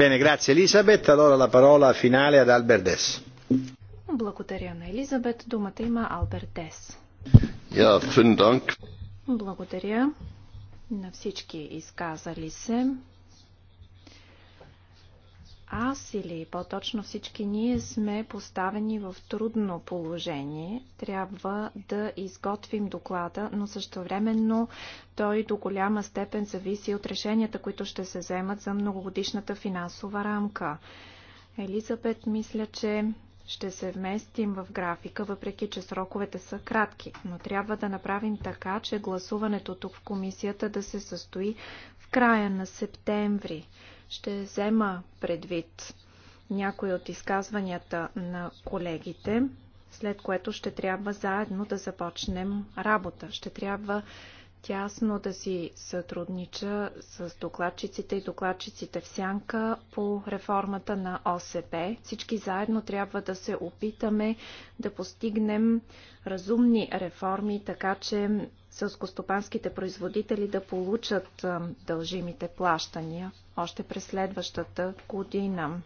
Bene, grazie Elisabeth. Allora la parola finale ad Albert Dess. Благодаря на Елизабет. Думата има Алберт Дес. Yeah, Благодаря на всички изказали се аз или по-точно всички ние сме поставени в трудно положение. Трябва да изготвим доклада, но същевременно той до голяма степен зависи от решенията, които ще се вземат за многогодишната финансова рамка. Елизабет, мисля, че ще се вместим в графика, въпреки че сроковете са кратки, но трябва да направим така, че гласуването тук в комисията да се състои в края на септември. Ще взема предвид някои от изказванията на колегите, след което ще трябва заедно да започнем работа. Ще трябва тясно да си сътруднича с докладчиците и докладчиците в сянка по реформата на ОСП. Всички заедно трябва да се опитаме да постигнем разумни реформи, така че сълскостопанските производители да получат дължимите плащания още през следващата година.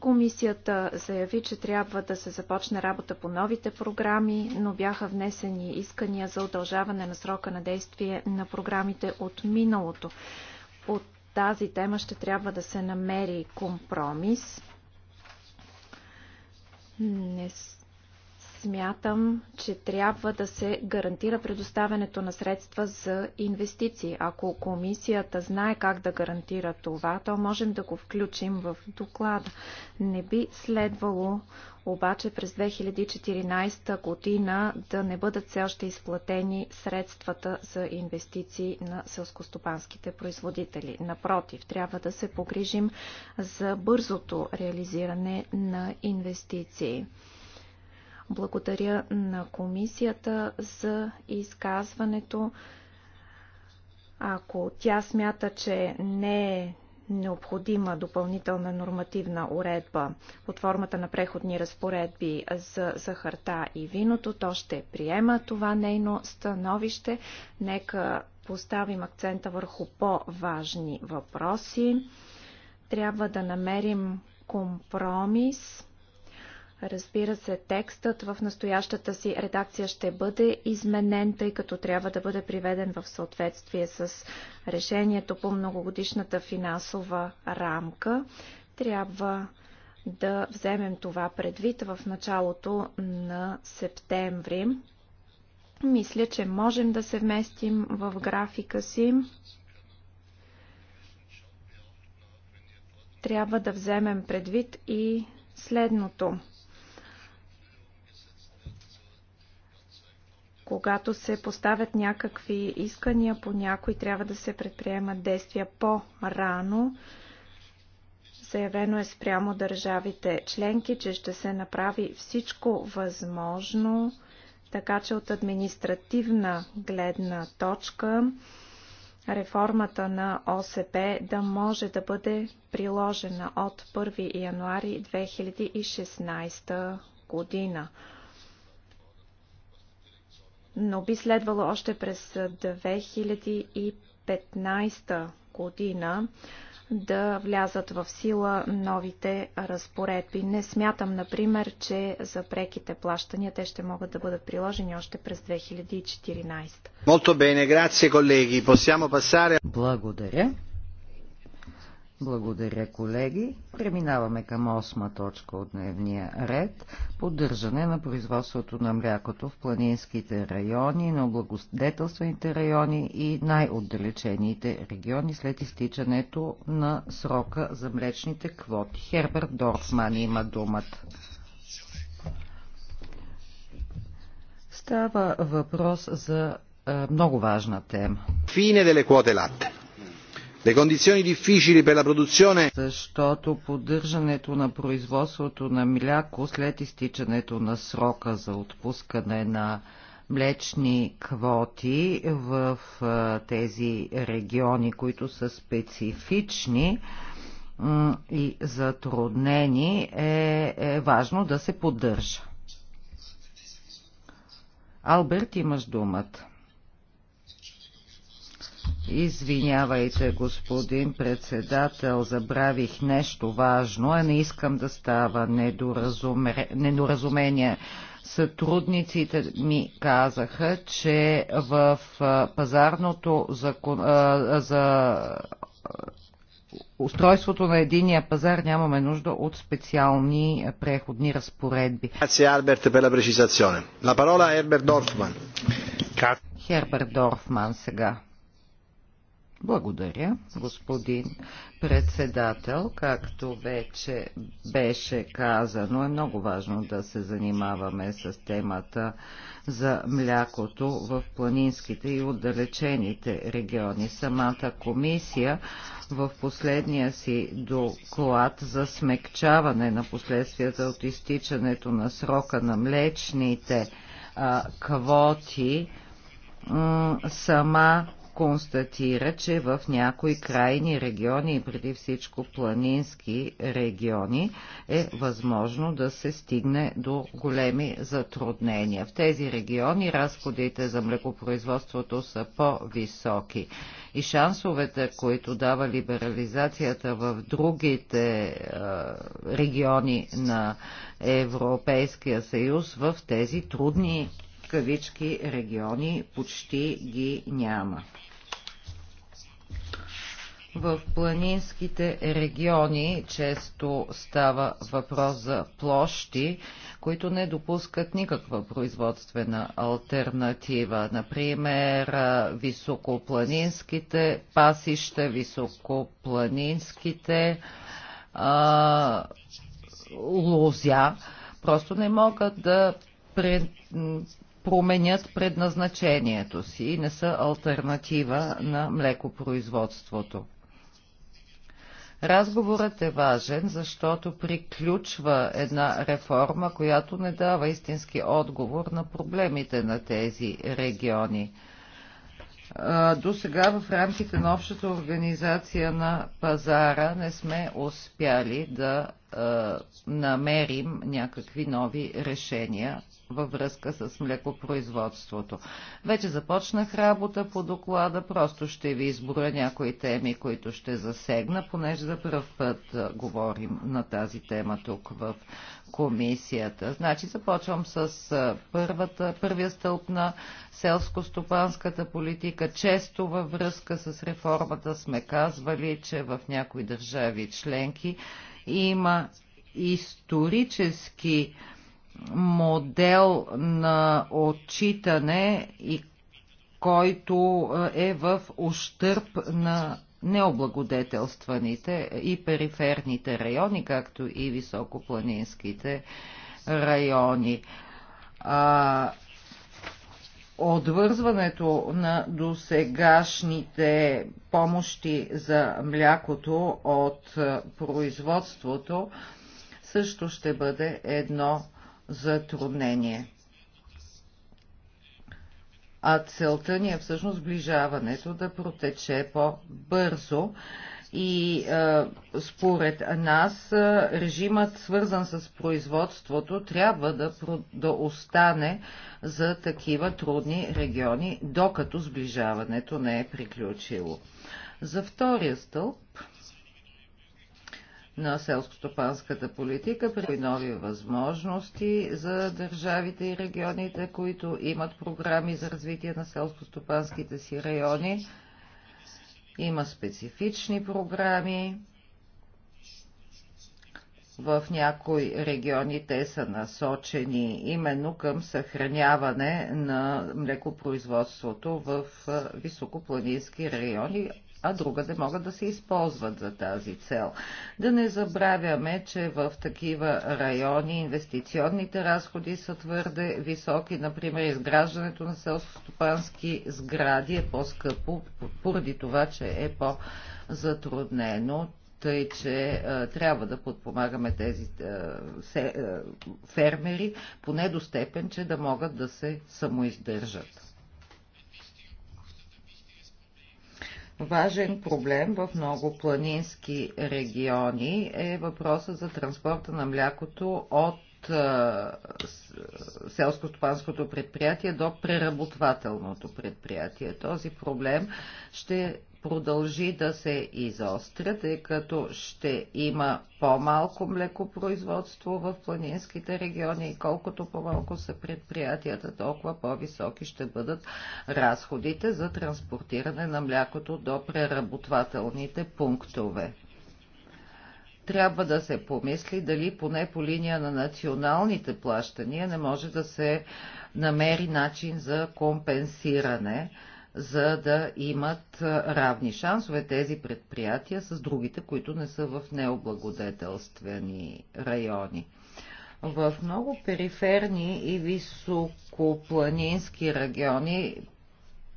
Комисията заяви, че трябва да се започне работа по новите програми, но бяха внесени искания за удължаване на срока на действие на програмите от миналото. По тази тема ще трябва да се намери компромис. Не Смятам, че трябва да се гарантира предоставянето на средства за инвестиции. Ако комисията знае как да гарантира това, то можем да го включим в доклада. Не би следвало обаче през 2014 година да не бъдат все още изплатени средствата за инвестиции на селскостопанските производители. Напротив, трябва да се погрижим за бързото реализиране на инвестиции. Благодаря на комисията за изказването. Ако тя смята, че не е необходима допълнителна нормативна уредба под формата на преходни разпоредби за захарта и виното, то ще приема това нейно становище. Нека поставим акцента върху по-важни въпроси. Трябва да намерим компромис Разбира се, текстът в настоящата си редакция ще бъде изменен, тъй като трябва да бъде приведен в съответствие с решението по многогодишната финансова рамка. Трябва да вземем това предвид в началото на септември. Мисля, че можем да се вместим в графика си. Трябва да вземем предвид и следното – Когато се поставят някакви искания по някой, трябва да се предприемат действия по-рано. Заявено е спрямо държавите членки, че ще се направи всичко възможно, така че от административна гледна точка реформата на ОСП да може да бъде приложена от 1 януари 2016 година но би следвало още през 2015 година да влязат в сила новите разпоредби. Не смятам, например, че за преките плащания те ще могат да бъдат приложени още през 2014. Благодаря. Благодаря, колеги. Преминаваме към осма точка от дневния ред. Поддържане на производството на млякото в планинските райони, на облагодетелствените райони и най-отдалечените региони след изтичането на срока за млечните квоти. Херберт Дорфман има думата. Става въпрос за е, много важна тема. Фине деле квоте латте Le condizioni difficili per la produzione защото поддържането на производството на мляко след изтичането на срока за отпускане на млечни квоти в тези региони, които са специфични и затруднени, е, е важно да се поддържа. Алберт, имаш думата. Извинявайте, господин председател, забравих нещо важно, а не искам да става недоразуме... недоразумение. Сътрудниците ми казаха, че в пазарното закон... за устройството на единия пазар нямаме нужда от специални преходни разпоредби. Херберт Дорфман сега. Благодаря, господин председател. Както вече беше казано, е много важно да се занимаваме с темата за млякото в планинските и отдалечените региони. Самата комисия в последния си доклад за смекчаване на последствията от изтичането на срока на млечните а, квоти сама констатира, че в някои крайни региони и преди всичко планински региони е възможно да се стигне до големи затруднения. В тези региони разходите за млекопроизводството са по-високи и шансовете, които дава либерализацията в другите региони на Европейския съюз, в тези трудни кавички региони почти ги няма. В планинските региони често става въпрос за площи, които не допускат никаква производствена альтернатива. Например, високопланинските пасища, високопланинските а, лозя просто не могат да пред, променят предназначението си и не са альтернатива на млекопроизводството. Разговорът е важен, защото приключва една реформа, която не дава истински отговор на проблемите на тези региони. До сега в рамките на общата организация на пазара не сме успяли да намерим някакви нови решения във връзка с млекопроизводството. Вече започнах работа по доклада, просто ще ви изброя някои теми, които ще засегна, понеже за първ път говорим на тази тема тук в комисията. Значи започвам с първата, първия стълб на селско-стопанската политика. Често във връзка с реформата сме казвали, че в някои държави членки има исторически модел на отчитане и който е в ущърп на необлагодетелстваните и периферните райони, както и високопланинските райони. А, отвързването на досегашните помощи за млякото от производството също ще бъде едно затруднение. А целта ни е всъщност сближаването да протече по-бързо и е, според нас е, режимът, свързан с производството, трябва да, да остане за такива трудни региони, докато сближаването не е приключило. За втория стълб на селскостопанската политика, при нови възможности за държавите и регионите, които имат програми за развитие на селскостопанските си райони. Има специфични програми. В някои региони те са насочени именно към съхраняване на млекопроизводството в високопланински райони, а другаде могат да се използват за тази цел. Да не забравяме, че в такива райони инвестиционните разходи са твърде високи. Например, изграждането на селскостопански сгради е по-скъпо, поради това, че е по-затруднено тъй че а, е, трябва да подпомагаме тези а, е, се, а, е, фермери, поне до степен, че да могат да се самоиздържат. Важен проблем в много планински региони е въпроса за транспорта на млякото от от селско-стопанското предприятие до преработвателното предприятие. Този проблем ще продължи да се изостря, тъй като ще има по-малко млекопроизводство в планинските региони и колкото по-малко са предприятията, толкова по-високи ще бъдат разходите за транспортиране на млякото до преработвателните пунктове трябва да се помисли дали поне по линия на националните плащания не може да се намери начин за компенсиране, за да имат равни шансове тези предприятия с другите, които не са в необлагодетелствени райони. В много периферни и високопланински региони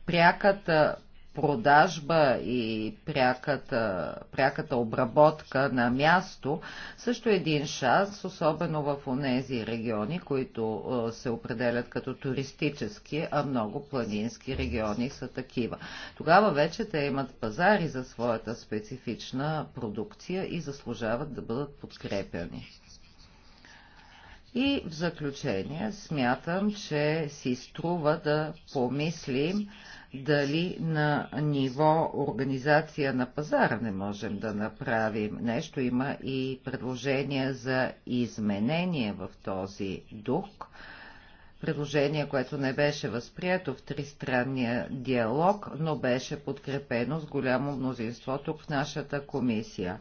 пряката продажба и пряката, пряката обработка на място също е един шанс, особено в онези региони, които се определят като туристически, а много планински региони са такива. Тогава вече те имат пазари за своята специфична продукция и заслужават да бъдат подкрепяни. И в заключение смятам, че си струва да помислим дали на ниво организация на пазара не можем да направим нещо. Има и предложение за изменение в този дух. Предложение, което не беше възприето в тристранния диалог, но беше подкрепено с голямо мнозинство тук в нашата комисия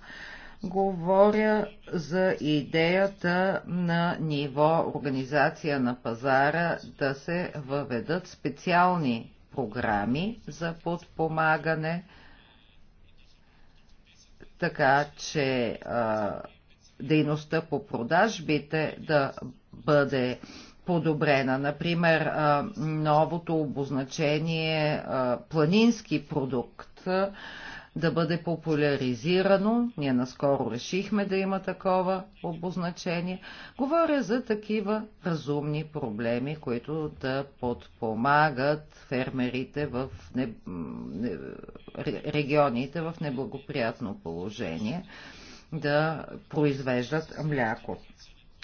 говоря за идеята на ниво организация на пазара да се въведат специални програми за подпомагане, така че а, дейността по продажбите да бъде подобрена. Например, а, новото обозначение а, планински продукт да бъде популяризирано. Ние наскоро решихме да има такова обозначение. Говоря за такива разумни проблеми, които да подпомагат фермерите в не... регионите в неблагоприятно положение да произвеждат мляко.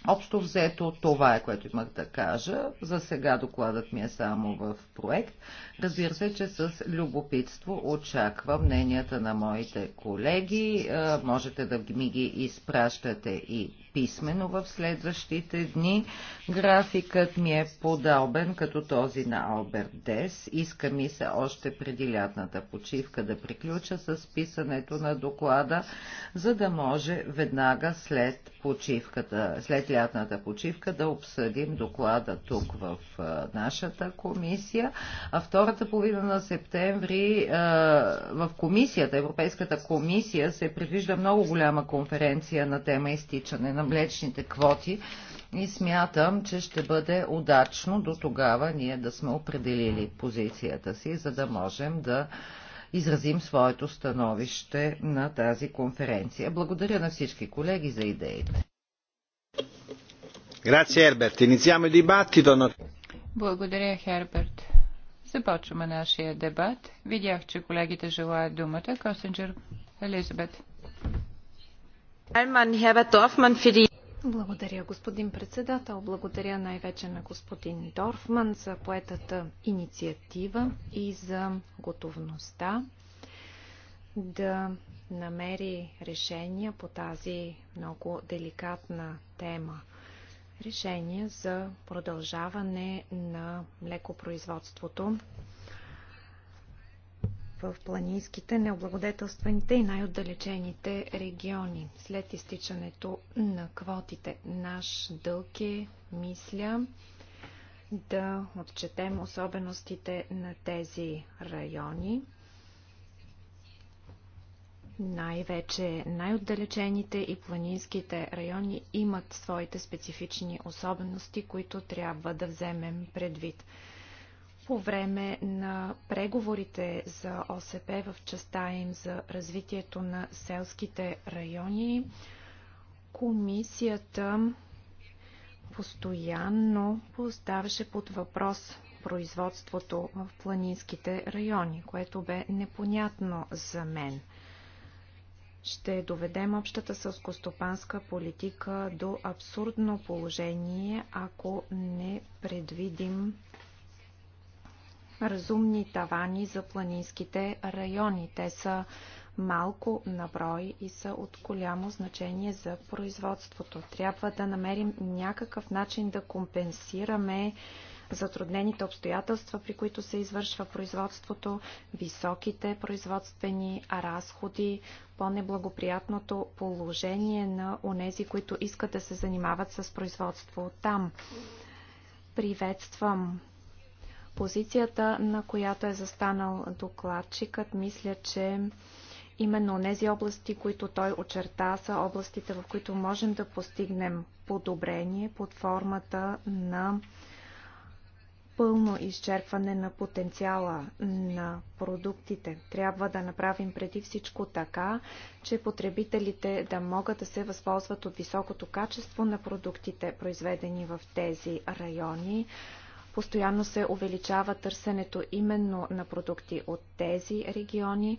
Общо взето това е, което имах да кажа. За сега докладът ми е само в проект. Разбира се, че с любопитство очаквам мненията на моите колеги. Е, можете да ми ги изпращате и писменно в следващите дни. Графикът ми е подобен като този на Алберт Дес. Иска ми се още преди лятната почивка да приключа с писането на доклада, за да може веднага след почивката, след лятната почивка да обсъдим доклада тук в нашата комисия. А втората половина на септември в комисията, Европейската комисия се предвижда много голяма конференция на тема изтичане на на млечните квоти и смятам, че ще бъде удачно до тогава ние да сме определили позицията си, за да можем да изразим своето становище на тази конференция. Благодаря на всички колеги за идеите. Благодаря, Херберт. Започваме нашия дебат. Видях, че колегите желаят думата. Косенджер Елизабет. Благодаря, господин председател. Благодаря най-вече на господин Дорфман за поетата инициатива и за готовността да намери решения по тази много деликатна тема. Решения за продължаване на млекопроизводството в планинските, необлагодетелстваните и най-отдалечените региони. След изтичането на квотите, наш дълг е, мисля, да отчетем особеностите на тези райони, най-вече най-отдалечените и планинските райони имат своите специфични особености, които трябва да вземем предвид по време на преговорите за ОСП в частта им за развитието на селските райони, комисията постоянно поставяше под въпрос производството в планинските райони, което бе непонятно за мен. Ще доведем общата сълскостопанска политика до абсурдно положение, ако не предвидим разумни тавани за планинските райони. Те са малко на брой и са от голямо значение за производството. Трябва да намерим някакъв начин да компенсираме затруднените обстоятелства, при които се извършва производството, високите производствени разходи, по-неблагоприятното положение на онези, които искат да се занимават с производство там. Приветствам позицията, на която е застанал докладчикът. Мисля, че именно тези области, които той очерта, са областите, в които можем да постигнем подобрение под формата на пълно изчерпване на потенциала на продуктите. Трябва да направим преди всичко така, че потребителите да могат да се възползват от високото качество на продуктите, произведени в тези райони, Постоянно се увеличава търсенето именно на продукти от тези региони.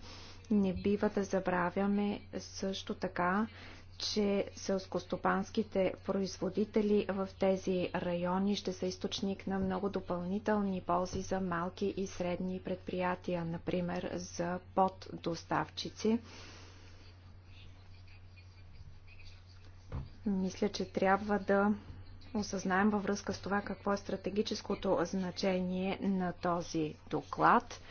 Не бива да забравяме също така, че селскостопанските производители в тези райони ще са източник на много допълнителни ползи за малки и средни предприятия, например за поддоставчици. Мисля, че трябва да осъзнаем във връзка с това какво е стратегическото значение на този доклад.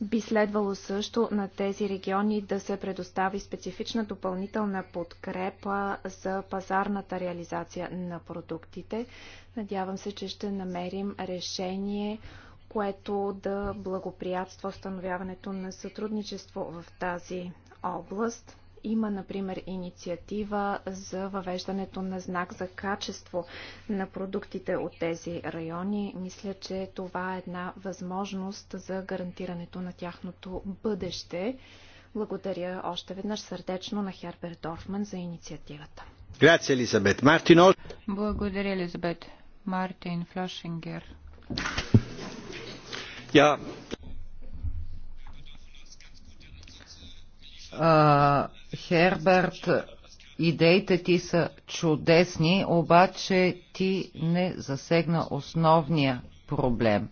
Би следвало също на тези региони да се предостави специфична допълнителна подкрепа за пазарната реализация на продуктите. Надявам се, че ще намерим решение, което да благоприятства установяването на сътрудничество в тази област. Има, например, инициатива за въвеждането на знак за качество на продуктите от тези райони. Мисля, че това е една възможност за гарантирането на тяхното бъдеще. Благодаря още веднъж сърдечно на Херберт Дорфман за инициативата. Грация, Елизабет Мартин. Благодаря, Елизабет Мартин Флошингер. Yeah. Херберт, идеите ти са чудесни, обаче ти не засегна основния проблем,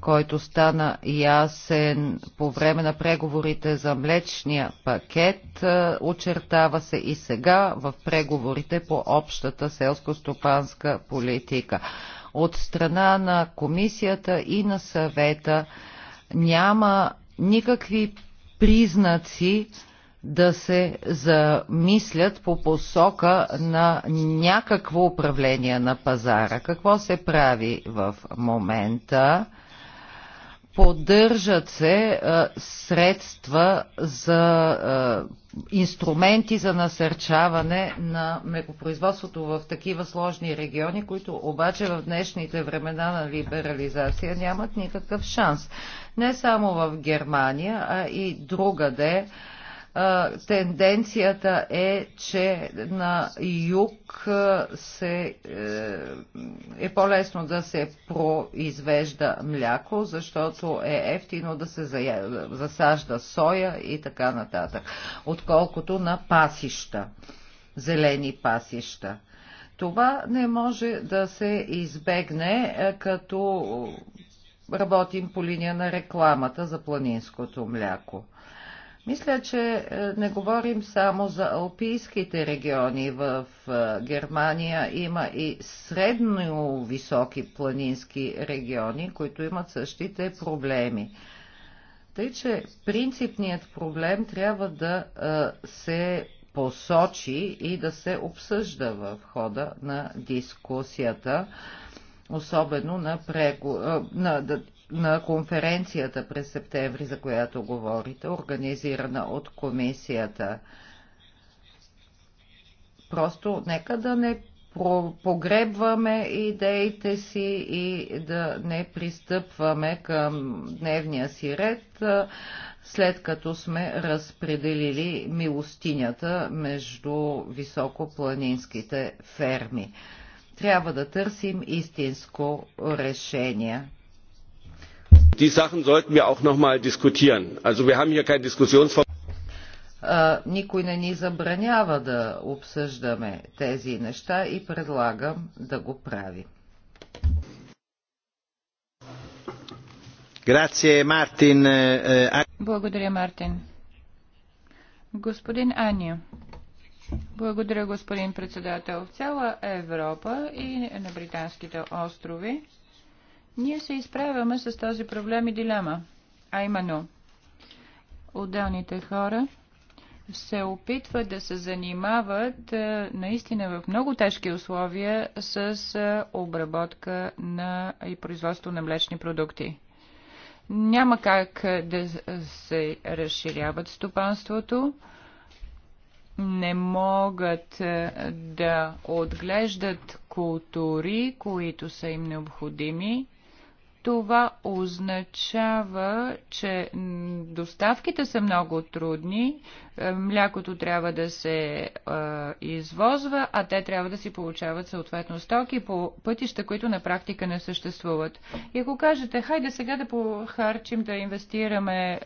който стана ясен по време на преговорите за млечния пакет. Е, очертава се и сега в преговорите по общата селско-стопанска политика. От страна на комисията и на съвета няма никакви признаци, да се замислят по посока на някакво управление на пазара. Какво се прави в момента? Поддържат се а, средства за а, инструменти за насърчаване на мекопроизводството в такива сложни региони, които обаче в днешните времена на либерализация нямат никакъв шанс. Не само в Германия, а и другаде. Да тенденцията е, че на юг се, е, е по-лесно да се произвежда мляко, защото е ефтино да се засажда соя и така нататък, отколкото на пасища, зелени пасища. Това не може да се избегне, е, като работим по линия на рекламата за планинското мляко. Мисля, че е, не говорим само за алпийските региони. В е, Германия има и средно високи планински региони, които имат същите проблеми. Тъй, че принципният проблем трябва да е, се посочи и да се обсъжда в хода на дискусията, особено на, прегу... на на конференцията през септември, за която говорите, организирана от комисията. Просто нека да не погребваме идеите си и да не пристъпваме към дневния си ред, след като сме разпределили милостинята между високопланинските ферми. Трябва да търсим истинско решение. Die Sachen sollten wir auch noch mal diskutieren. Also wir haben hier kein никой не ни забранява да обсъждаме тези неща и предлагам да го правим. Е, е, Благодаря, Мартин. Господин Благодаря, господин председател. В цяла Европа и на британските острови ние се изправяме с този проблем и дилема, а именно отделните хора се опитват да се занимават е, наистина в много тежки условия с е, обработка на и производство на млечни продукти. Няма как е, да се разширяват стопанството, не могат да отглеждат култури, които са им необходими това означава, че доставките са много трудни, е, млякото трябва да се е, извозва, а те трябва да си получават съответно стоки по пътища, които на практика не съществуват. И ако кажете, хайде сега да похарчим, да инвестираме е,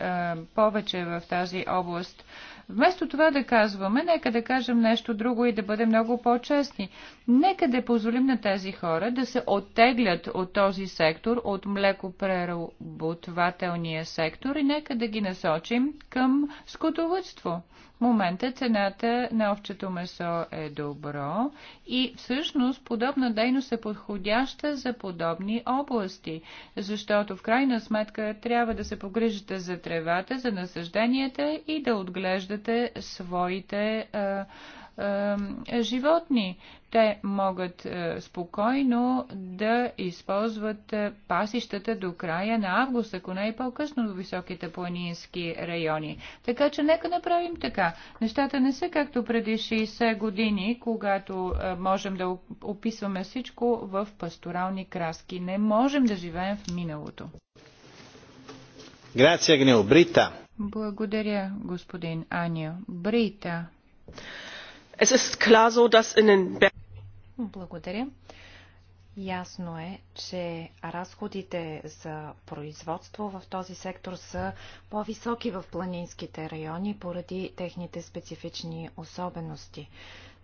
повече в тази област, Вместо това да казваме, нека да кажем нещо друго и да бъдем много по-честни. Нека да позволим на тези хора да се оттеглят от този сектор, от млекопреработвателния сектор и нека да ги насочим към скотовътство момента цената на овчето месо е добро и всъщност подобна дейност е подходяща за подобни области, защото в крайна сметка трябва да се погрижите за тревата, за насъжденията и да отглеждате своите а, е, животни. Те могат е, спокойно да използват е, пасищата до края на август, ако не и е по-късно до високите планински райони. Така че нека направим така. Нещата не са както преди 60 години, когато можем да описваме всичко в пасторални краски. Не можем да живеем в миналото. Грация, Гнил. Брита. Благодаря, господин Аня. Брита. Благодаря. Ясно е, че разходите за производство в този сектор са по-високи в планинските райони поради техните специфични особености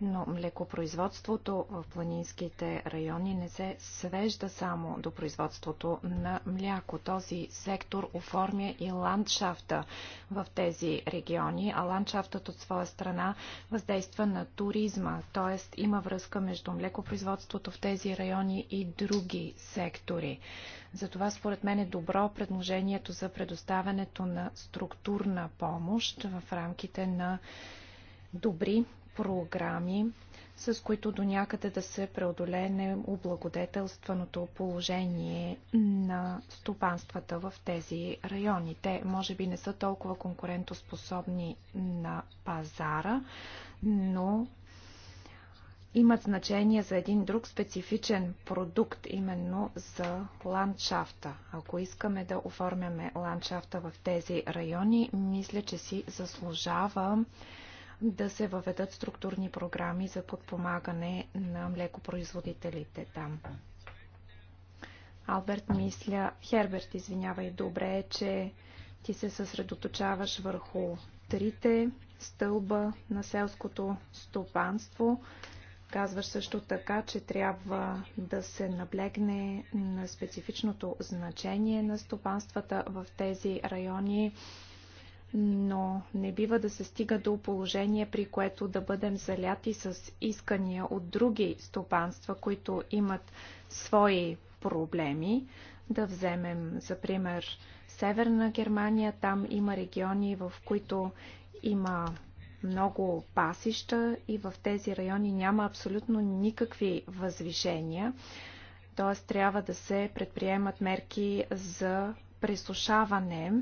но млекопроизводството в планинските райони не се свежда само до производството на мляко. Този сектор оформя и ландшафта в тези региони, а ландшафтът от своя страна въздейства на туризма, т.е. има връзка между млекопроизводството в тези райони и други сектори. Затова според мен е добро предложението за предоставянето на структурна помощ в рамките на добри програми, с които до някъде да се преодолее облагодетелстваното положение на стопанствата в тези райони. Те може би не са толкова конкурентоспособни на пазара, но имат значение за един друг специфичен продукт, именно за ландшафта. Ако искаме да оформяме ландшафта в тези райони, мисля, че си заслужава да се въведат структурни програми за подпомагане на млекопроизводителите там. Алберт мисля, Херберт, извинявай, добре е, че ти се съсредоточаваш върху трите стълба на селското стопанство. Казваш също така, че трябва да се наблегне на специфичното значение на стопанствата в тези райони, но не бива да се стига до положение, при което да бъдем заляти с искания от други стопанства, които имат свои проблеми. Да вземем, за пример, Северна Германия. Там има региони, в които има много пасища и в тези райони няма абсолютно никакви възвишения. Т.е. трябва да се предприемат мерки за пресушаване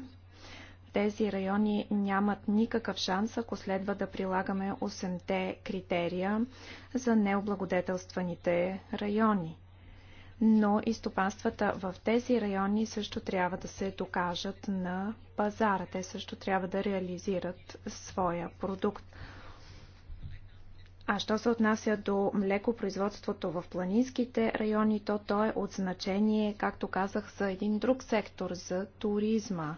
тези райони нямат никакъв шанс, ако следва да прилагаме 8-те критерия за необлагодетелстваните райони. Но и стопанствата в тези райони също трябва да се докажат на пазара. Те също трябва да реализират своя продукт. А що се отнася до млекопроизводството в планинските райони, то то е от значение, както казах, за един друг сектор, за туризма.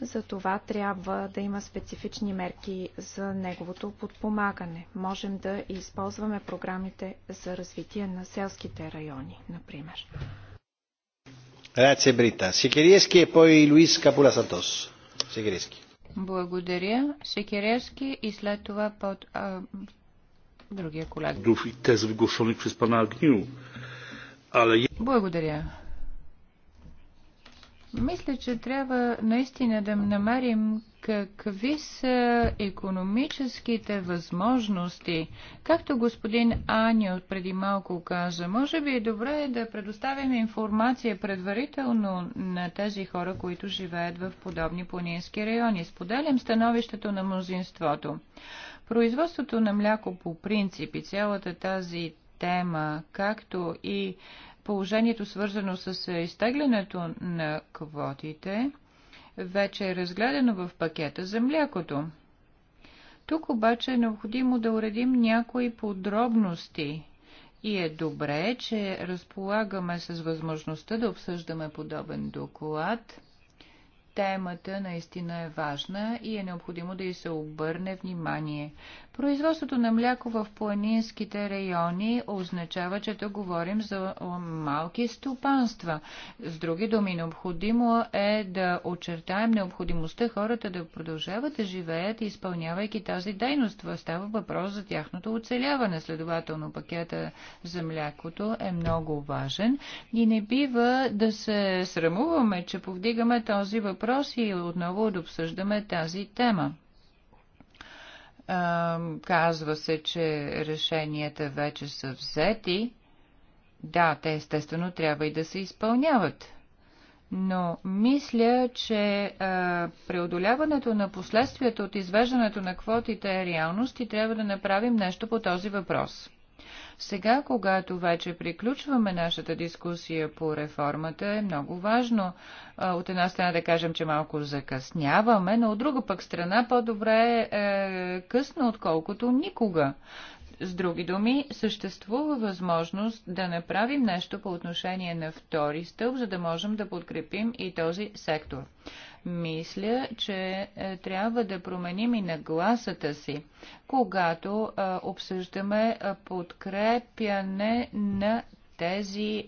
За това трябва да има специфични мерки за неговото подпомагане. Можем да използваме програмите за развитие на селските райони, например. Grazie Britta. Сикерески и poi Луис Капула Сантос. Сикерески. Благодаря. Секерески и след това под а, другия колега. Е- Благодаря. Мисля, че трябва наистина да намерим какви са економическите възможности. Както господин от преди малко каза, може би е добре да предоставим информация предварително на тези хора, които живеят в подобни планински райони. Споделям становището на мнозинството. Производството на мляко по принцип и цялата тази тема, както и положението свързано с е, изтеглянето на квотите вече е разгледано в пакета за млякото. Тук обаче е необходимо да уредим някои подробности и е добре, че разполагаме с възможността да обсъждаме подобен доклад. Темата наистина е важна и е необходимо да й се обърне внимание. Производството на мляко в планинските райони означава, че тук говорим за малки стопанства. С други думи, необходимо е да очертаем необходимостта хората да продължават да живеят, изпълнявайки тази дейност. Това Става въпрос за тяхното оцеляване. Следователно, пакета за млякото е много важен и не бива да се срамуваме, че повдигаме този въпрос и отново да обсъждаме тази тема. Казва се, че решенията вече са взети. Да, те естествено трябва и да се изпълняват. Но мисля, че а, преодоляването на последствията от извеждането на квотите е реалност и трябва да направим нещо по този въпрос. Сега, когато вече приключваме нашата дискусия по реформата, е много важно от една страна да кажем, че малко закъсняваме, но от друга пък страна по-добре е, е късно, отколкото никога. С други думи, съществува възможност да направим нещо по отношение на втори стълб, за да можем да подкрепим и този сектор. Мисля, че е, трябва да променим и нагласата си, когато е, обсъждаме е, подкрепяне на тези е,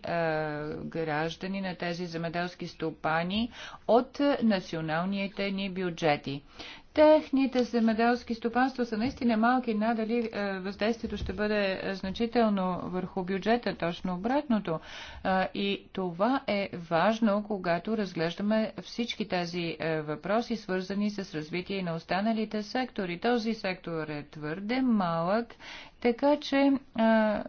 граждани, на тези земеделски стопани от националните ни бюджети. Техните земеделски стопанства са наистина малки, надали е, въздействието ще бъде е, значително върху бюджета, точно обратното. Е, и това е важно, когато разглеждаме всички тези въпроси, свързани с развитие на останалите сектори. Този сектор е твърде малък така че, а,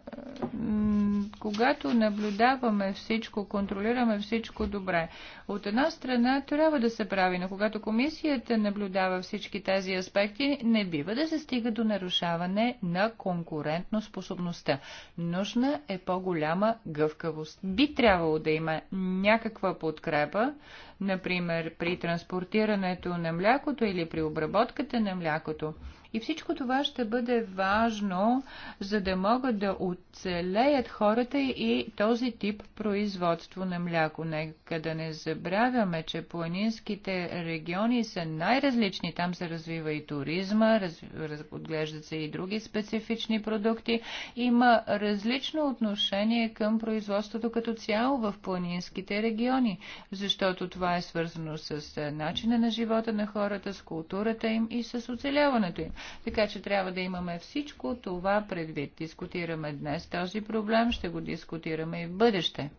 когато наблюдаваме всичко, контролираме всичко добре, от една страна трябва да се прави, но когато комисията наблюдава всички тези аспекти, не бива да се стига до нарушаване на конкурентно способността. Нужна е по-голяма гъвкавост. Би трябвало да има някаква подкрепа, например при транспортирането на млякото или при обработката на млякото. И всичко това ще бъде важно, за да могат да оцелеят хората и този тип производство на мляко. Нека да не забравяме, че планинските региони са най-различни. Там се развива и туризма, раз, отглеждат се и други специфични продукти. Има различно отношение към производството като цяло в планинските региони, защото това е свързано с е, начина на живота на хората, с културата им и с оцеляването им. Така че трябва да имаме всичко това предвид. Дискутираме днес този проблем, ще го дискутираме и в бъдеще.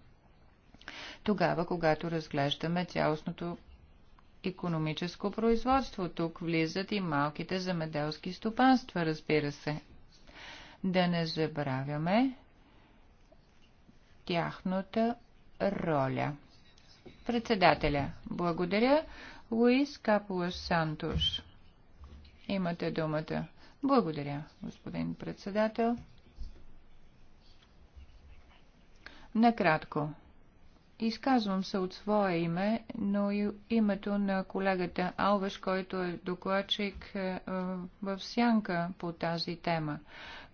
Тогава, когато разглеждаме цялостното економическо производство, тук влизат и малките замеделски стопанства, разбира се. Да не забравяме тяхната роля. Председателя, благодаря. Луис Капуас Сантуш. Имате думата. Благодаря, господин председател. Накратко. Изказвам се от свое име, но и името на колегата Алваш, който е докладчик е, в сянка по тази тема.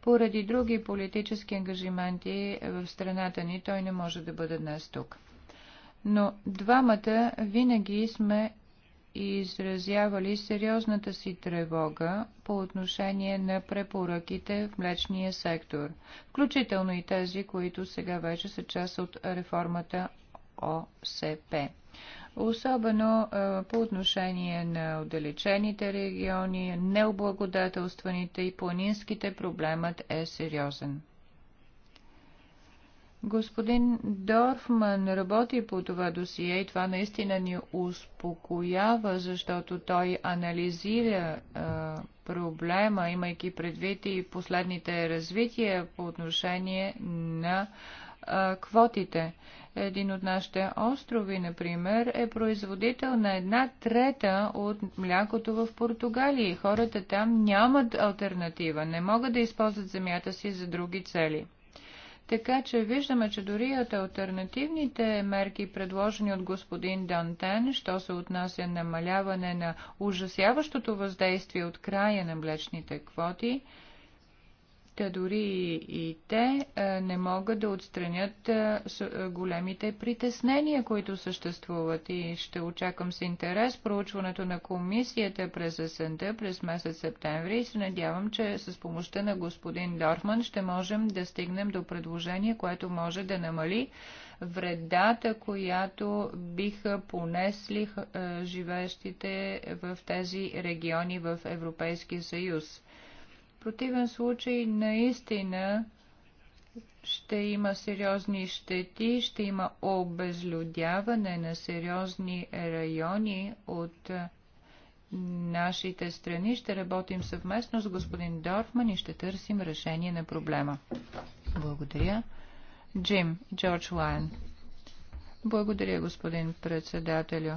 Поради други политически ангажименти в страната ни той не може да бъде днес тук. Но двамата винаги сме и изразявали сериозната си тревога по отношение на препоръките в млечния сектор, включително и тези, които сега вече са част от реформата ОСП. Особено по отношение на отдалечените региони, необлагодателстваните и планинските проблемът е сериозен. Господин Дорфман работи по това досие и това наистина ни успокоява, защото той анализира а, проблема, имайки предвид и последните развития по отношение на а, квотите. Един от нашите острови, например, е производител на една трета от млякото в Португалия. Хората там нямат альтернатива, не могат да използват земята си за други цели. Така че виждаме, че дори от альтернативните мерки, предложени от господин Дантен, що се отнася намаляване на ужасяващото въздействие от края на млечните квоти, те дори и те не могат да отстранят големите притеснения, които съществуват. И ще очаквам с интерес проучването на комисията през есента, през месец септември и се надявам, че с помощта на господин Дорфман ще можем да стигнем до предложение, което може да намали вредата, която биха понесли живеещите в тези региони в Европейския съюз противен случай наистина ще има сериозни щети, ще има обезлюдяване на сериозни райони от е, нашите страни. Ще работим съвместно с господин Дорфман и ще търсим решение на проблема. Благодаря. Джим, Джордж Лайн. Благодаря, господин председателю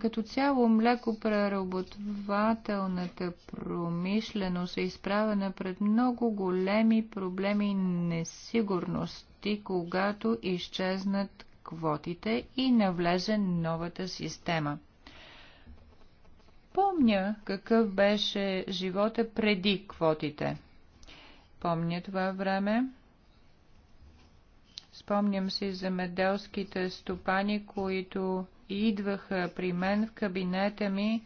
като цяло млекопреработвателната промишленост е изправена пред много големи проблеми несигурности, когато изчезнат квотите и навлезе новата система. Помня какъв беше живота преди квотите. Помня това време. Спомням си земеделските стопани, които идваха при мен в кабинета ми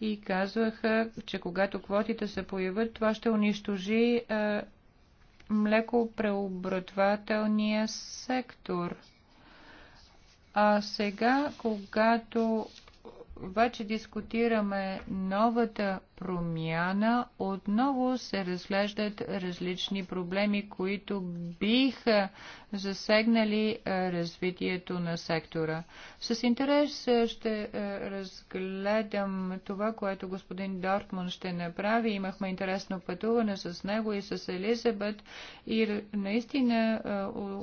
и казваха, че когато квотите се появят, това ще унищожи е, млекопреобратвателния сектор. А сега, когато вече дискутираме новата промяна, отново се разглеждат различни проблеми, които биха засегнали развитието на сектора. С интерес ще разгледам това, което господин Дортман ще направи. Имахме интересно пътуване с него и с Елизабет и наистина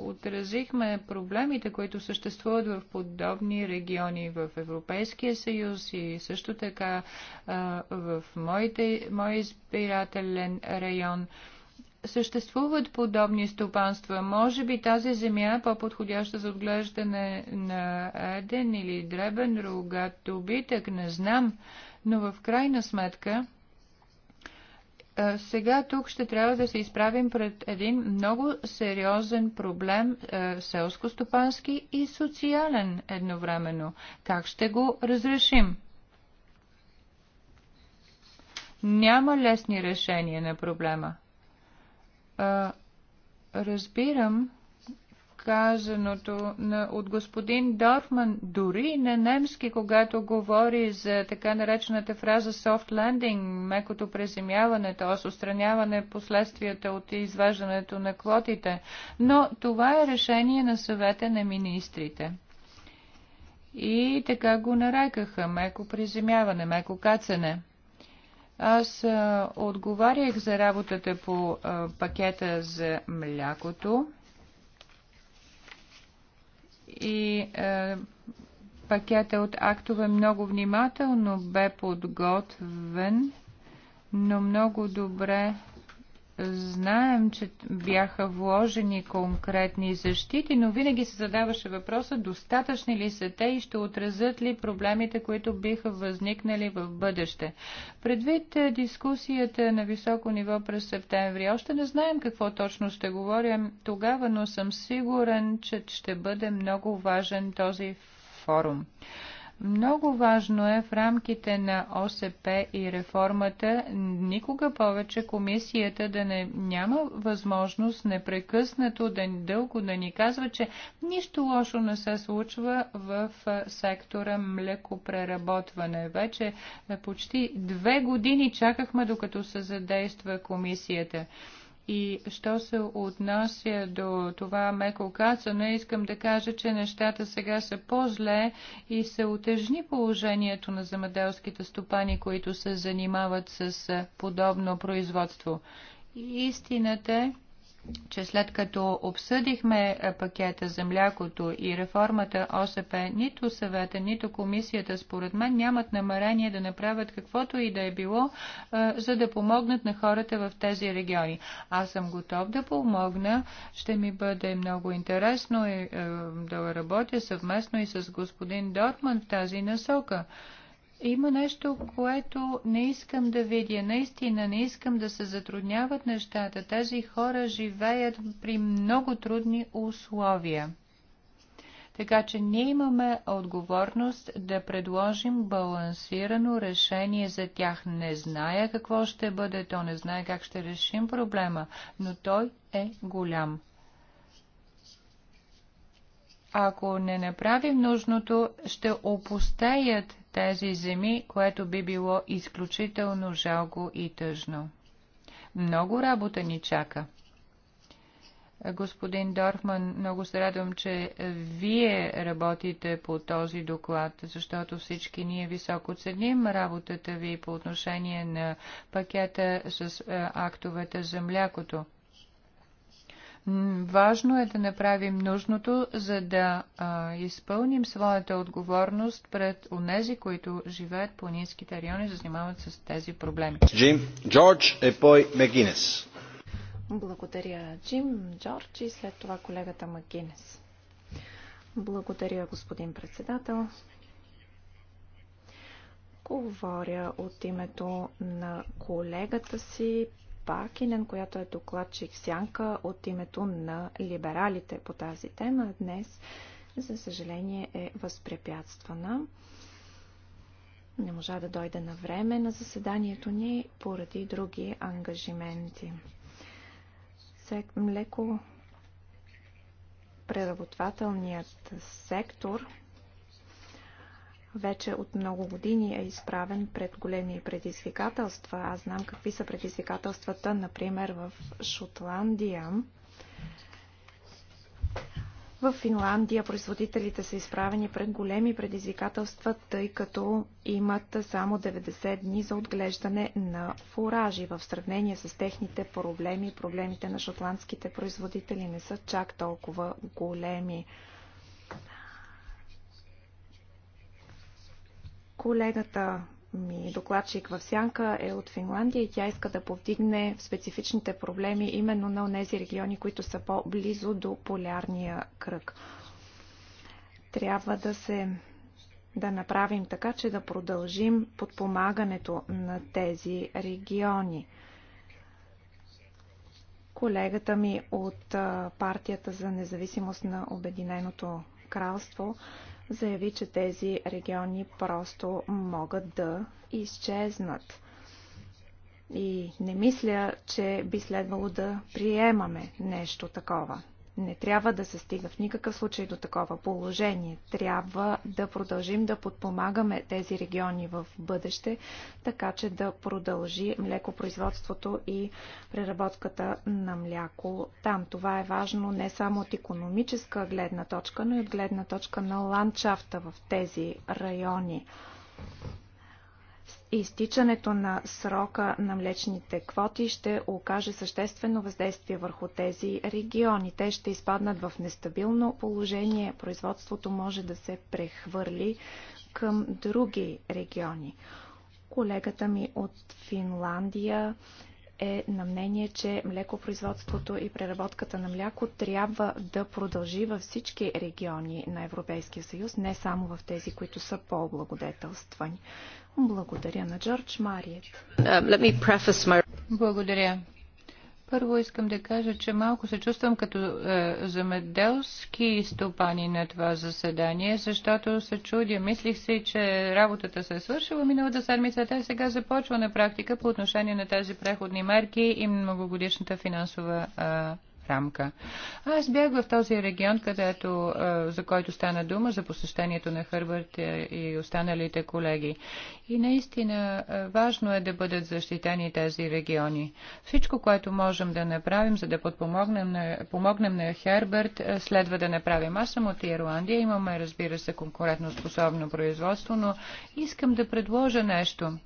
отразихме проблемите, които съществуват в подобни региони в Европейския съюз съюз и също така в моите, мой избирателен район съществуват подобни стопанства. Може би тази земя е по-подходяща за отглеждане на еден или дребен рогат добитък, не знам, но в крайна сметка сега тук ще трябва да се изправим пред един много сериозен проблем селско-стопански и социален едновременно. Как ще го разрешим? Няма лесни решения на проблема. Разбирам, казаното от господин Дорфман, дори на немски, когато говори за така наречената фраза soft landing, мекото преземяване, т.е. устраняване последствията от изваждането на квотите. Но това е решение на съвета на министрите. И така го нарекаха меко приземяване, меко кацане. Аз а, отговарях за работата по а, пакета за млякото и е, пакета от актове много внимателно бе подготвен, но много добре Знаем, че бяха вложени конкретни защити, но винаги се задаваше въпроса достатъчни ли са те и ще отразят ли проблемите, които биха възникнали в бъдеще. Предвид е, дискусията на високо ниво през септември, още не знаем какво точно ще говорим тогава, но съм сигурен, че ще бъде много важен този форум. Много важно е в рамките на ОСП и реформата никога повече комисията да не няма възможност непрекъснато да дълго да ни казва, че нищо лошо не се случва в сектора млекопреработване. Вече почти две години чакахме докато се задейства комисията. И що се отнася до това меко кацане, искам да кажа, че нещата сега са по-зле и се отежни положението на земеделските стопани, които се занимават с подобно производство. истината е, че след като обсъдихме е, пакета за млякото и реформата ОСП, нито съвета, нито комисията, според мен, нямат намерение да направят каквото и да е било, е, за да помогнат на хората в тези региони. Аз съм готов да помогна. Ще ми бъде много интересно е, да работя съвместно и с господин Дортман в тази насока. Има нещо, което не искам да видя. Наистина не искам да се затрудняват нещата. Тези хора живеят при много трудни условия. Така че ние имаме отговорност да предложим балансирано решение за тях. Не зная какво ще бъде то, не знае как ще решим проблема, но той е голям. Ако не направим нужното, ще опустеят тези земи, което би било изключително жалко и тъжно. Много работа ни чака. Господин Дорфман, много се радвам, че вие работите по този доклад, защото всички ние високо ценим работата ви по отношение на пакета с актовете за млякото. Важно е да направим нужното, за да а, изпълним своята отговорност пред онези, които живеят по ниските райони и занимават с тези проблеми. Джим, Джордж е пой Мегинес. Благодаря, Джим, Джордж и след това колегата Магинес. Благодаря, господин председател. Говоря от името на колегата си Бакинен, която е докладчик сянка от името на либералите по тази тема, днес, за съжаление, е възпрепятствана. Не можа да дойде на време на заседанието ни поради други ангажименти. Млеко преработвателният сектор – вече от много години е изправен пред големи предизвикателства. Аз знам какви са предизвикателствата, например, в Шотландия. В Финландия производителите са изправени пред големи предизвикателства, тъй като имат само 90 дни за отглеждане на фуражи. В сравнение с техните проблеми, проблемите на шотландските производители не са чак толкова големи. Колегата ми докладчик в Сянка е от Финландия и тя иска да повдигне специфичните проблеми именно на тези региони, които са по-близо до полярния кръг. Трябва да се да направим така, че да продължим подпомагането на тези региони. Колегата ми от партията за независимост на Обединеното кралство заяви, че тези региони просто могат да изчезнат. И не мисля, че би следвало да приемаме нещо такова. Не трябва да се стига в никакъв случай до такова положение. Трябва да продължим да подпомагаме тези региони в бъдеще, така че да продължи млекопроизводството и преработката на мляко там. Това е важно не само от економическа гледна точка, но и от гледна точка на ландшафта в тези райони изтичането на срока на млечните квоти ще окаже съществено въздействие върху тези региони. Те ще изпаднат в нестабилно положение. Производството може да се прехвърли към други региони. Колегата ми от Финландия е на мнение, че млекопроизводството и преработката на мляко трябва да продължи във всички региони на Европейския съюз, не само в тези, които са по-облагодетелствани. Благодаря на Джордж Мариет. Uh, Благодаря. Първо искам да кажа, че малко се чувствам като е, замеделски стопани на това заседание, защото се чудя. Мислих си, че работата се е свършила миналата седмица, а сега започва на практика по отношение на тези преходни мерки и многогодишната финансова е, рамка. Аз бях в този регион, където, за който стана дума, за посещението на Хърбърт и останалите колеги. И наистина важно е да бъдат защитени тези региони. Всичко, което можем да направим, за да подпомогнем на, помогнем на Херберт, следва да направим. Аз съм от Ирландия, имаме, разбира се, конкурентно способно производство, но искам да предложа нещо.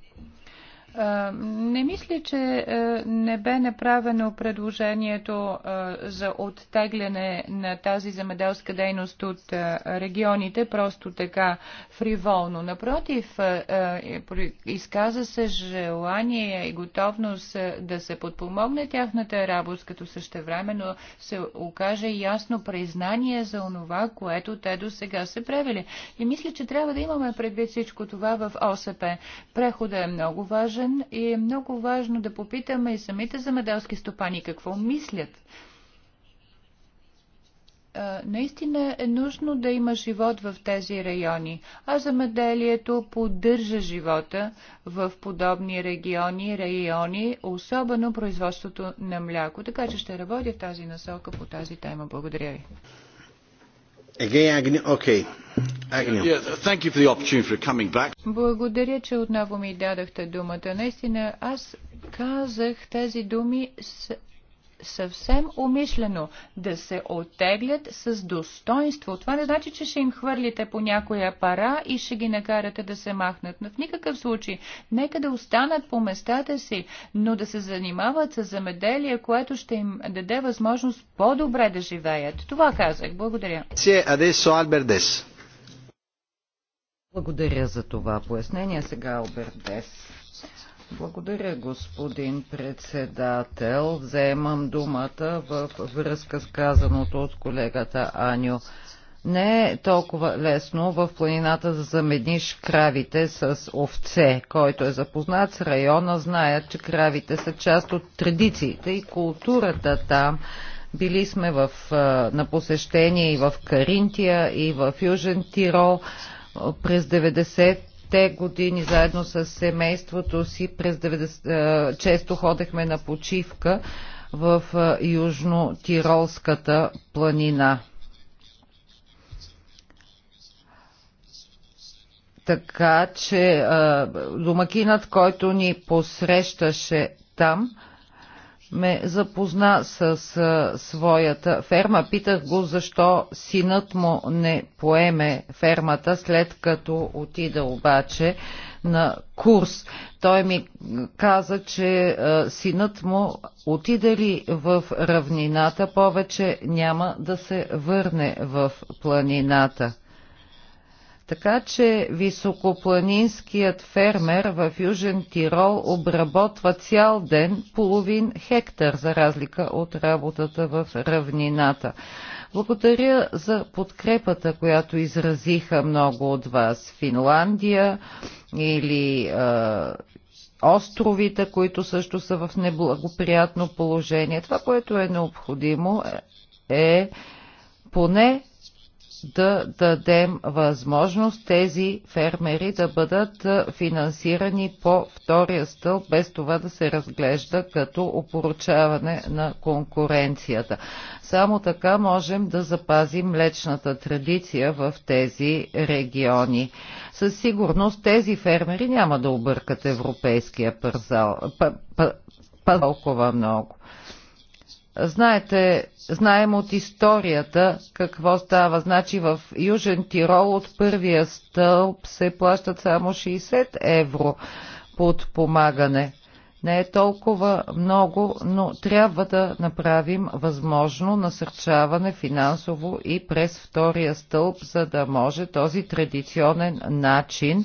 Е, не мисля, че е, не бе направено предложението е, за оттегляне на тази земеделска дейност от регионите просто така фриволно. Напротив, изказа се желание и готовност да се подпомогне тяхната работа, като същевременно се окаже ясно признание за онова, което те до сега се правили. И мисля, че трябва да имаме предвид всичко това в ОСП. Преходът е много важен важен и е много важно да попитаме и самите замеделски стопани какво мислят. Наистина е нужно да има живот в тези райони, а замеделието поддържа живота в подобни региони, райони, особено производството на мляко. Така че ще работя в тази насока по тази тема. Благодаря ви. Благодаря, че отново ми дадахте думата. Наистина, аз казах тези думи с съвсем умишлено да се отеглят с достоинство. Това не значи, че ще им хвърлите по някоя пара и ще ги накарате да се махнат. Но в никакъв случай. Нека да останат по местата си, но да се занимават с замеделие, което ще им даде възможност по-добре да живеят. Това казах. Благодаря. Благодаря за това пояснение. Сега албердес. Благодаря, господин председател. Вземам думата в връзка с казаното от колегата Аню. Не е толкова лесно в планината да замениш кравите с овце. Който е запознат с района, знаят, че кравите са част от традициите и културата там. Били сме в, на посещение и в Каринтия, и в Южен Тирол през 90 90 те години заедно с семейството си. През 90, често ходехме на почивка в Южно-Тиролската планина. Така че домакинът, който ни посрещаше там, ме запозна с своята ферма. Питах го защо синът му не поеме фермата, след като отида обаче на курс. Той ми каза, че синът му отиде ли в равнината, повече няма да се върне в планината. Така че високопланинският фермер в Южен Тирол обработва цял ден половин хектар, за разлика от работата в равнината. Благодаря за подкрепата, която изразиха много от вас. Финландия или е, островите, които също са в неблагоприятно положение. Това, което е необходимо е, е поне да дадем възможност тези фермери да бъдат финансирани по втория стълб, без това да се разглежда като опоручаване на конкуренцията. Само така можем да запазим млечната традиция в тези региони. Със сигурност тези фермери няма да объркат европейския пазал толкова много. Знаете, знаем от историята какво става. Значи в Южен Тирол от първия стълб се плащат само 60 евро подпомагане. Не е толкова много, но трябва да направим възможно насърчаване финансово и през втория стълб, за да може този традиционен начин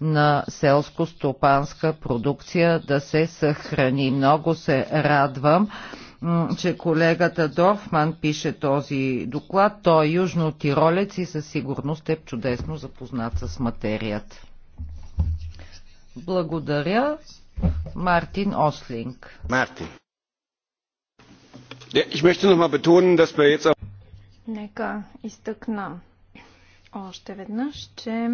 на селско-стопанска продукция да се съхрани. Много се радвам че колегата Дорфман пише този доклад. Той е южно-тиролец и със сигурност е чудесно запознат с материята. Благодаря. Мартин Ослинг. Мартин. Нека изтъкна още веднъж, че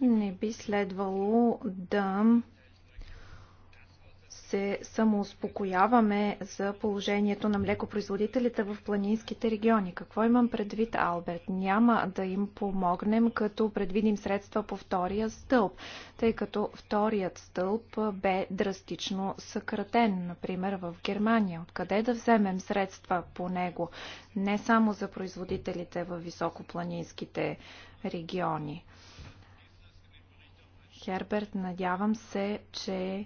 не би следвало да се самоуспокояваме за положението на млекопроизводителите в планинските региони. Какво имам предвид, Алберт? Няма да им помогнем, като предвидим средства по втория стълб, тъй като вторият стълб бе драстично съкратен, например в Германия. Откъде да вземем средства по него? Не само за производителите в високопланинските региони. Херберт, надявам се, че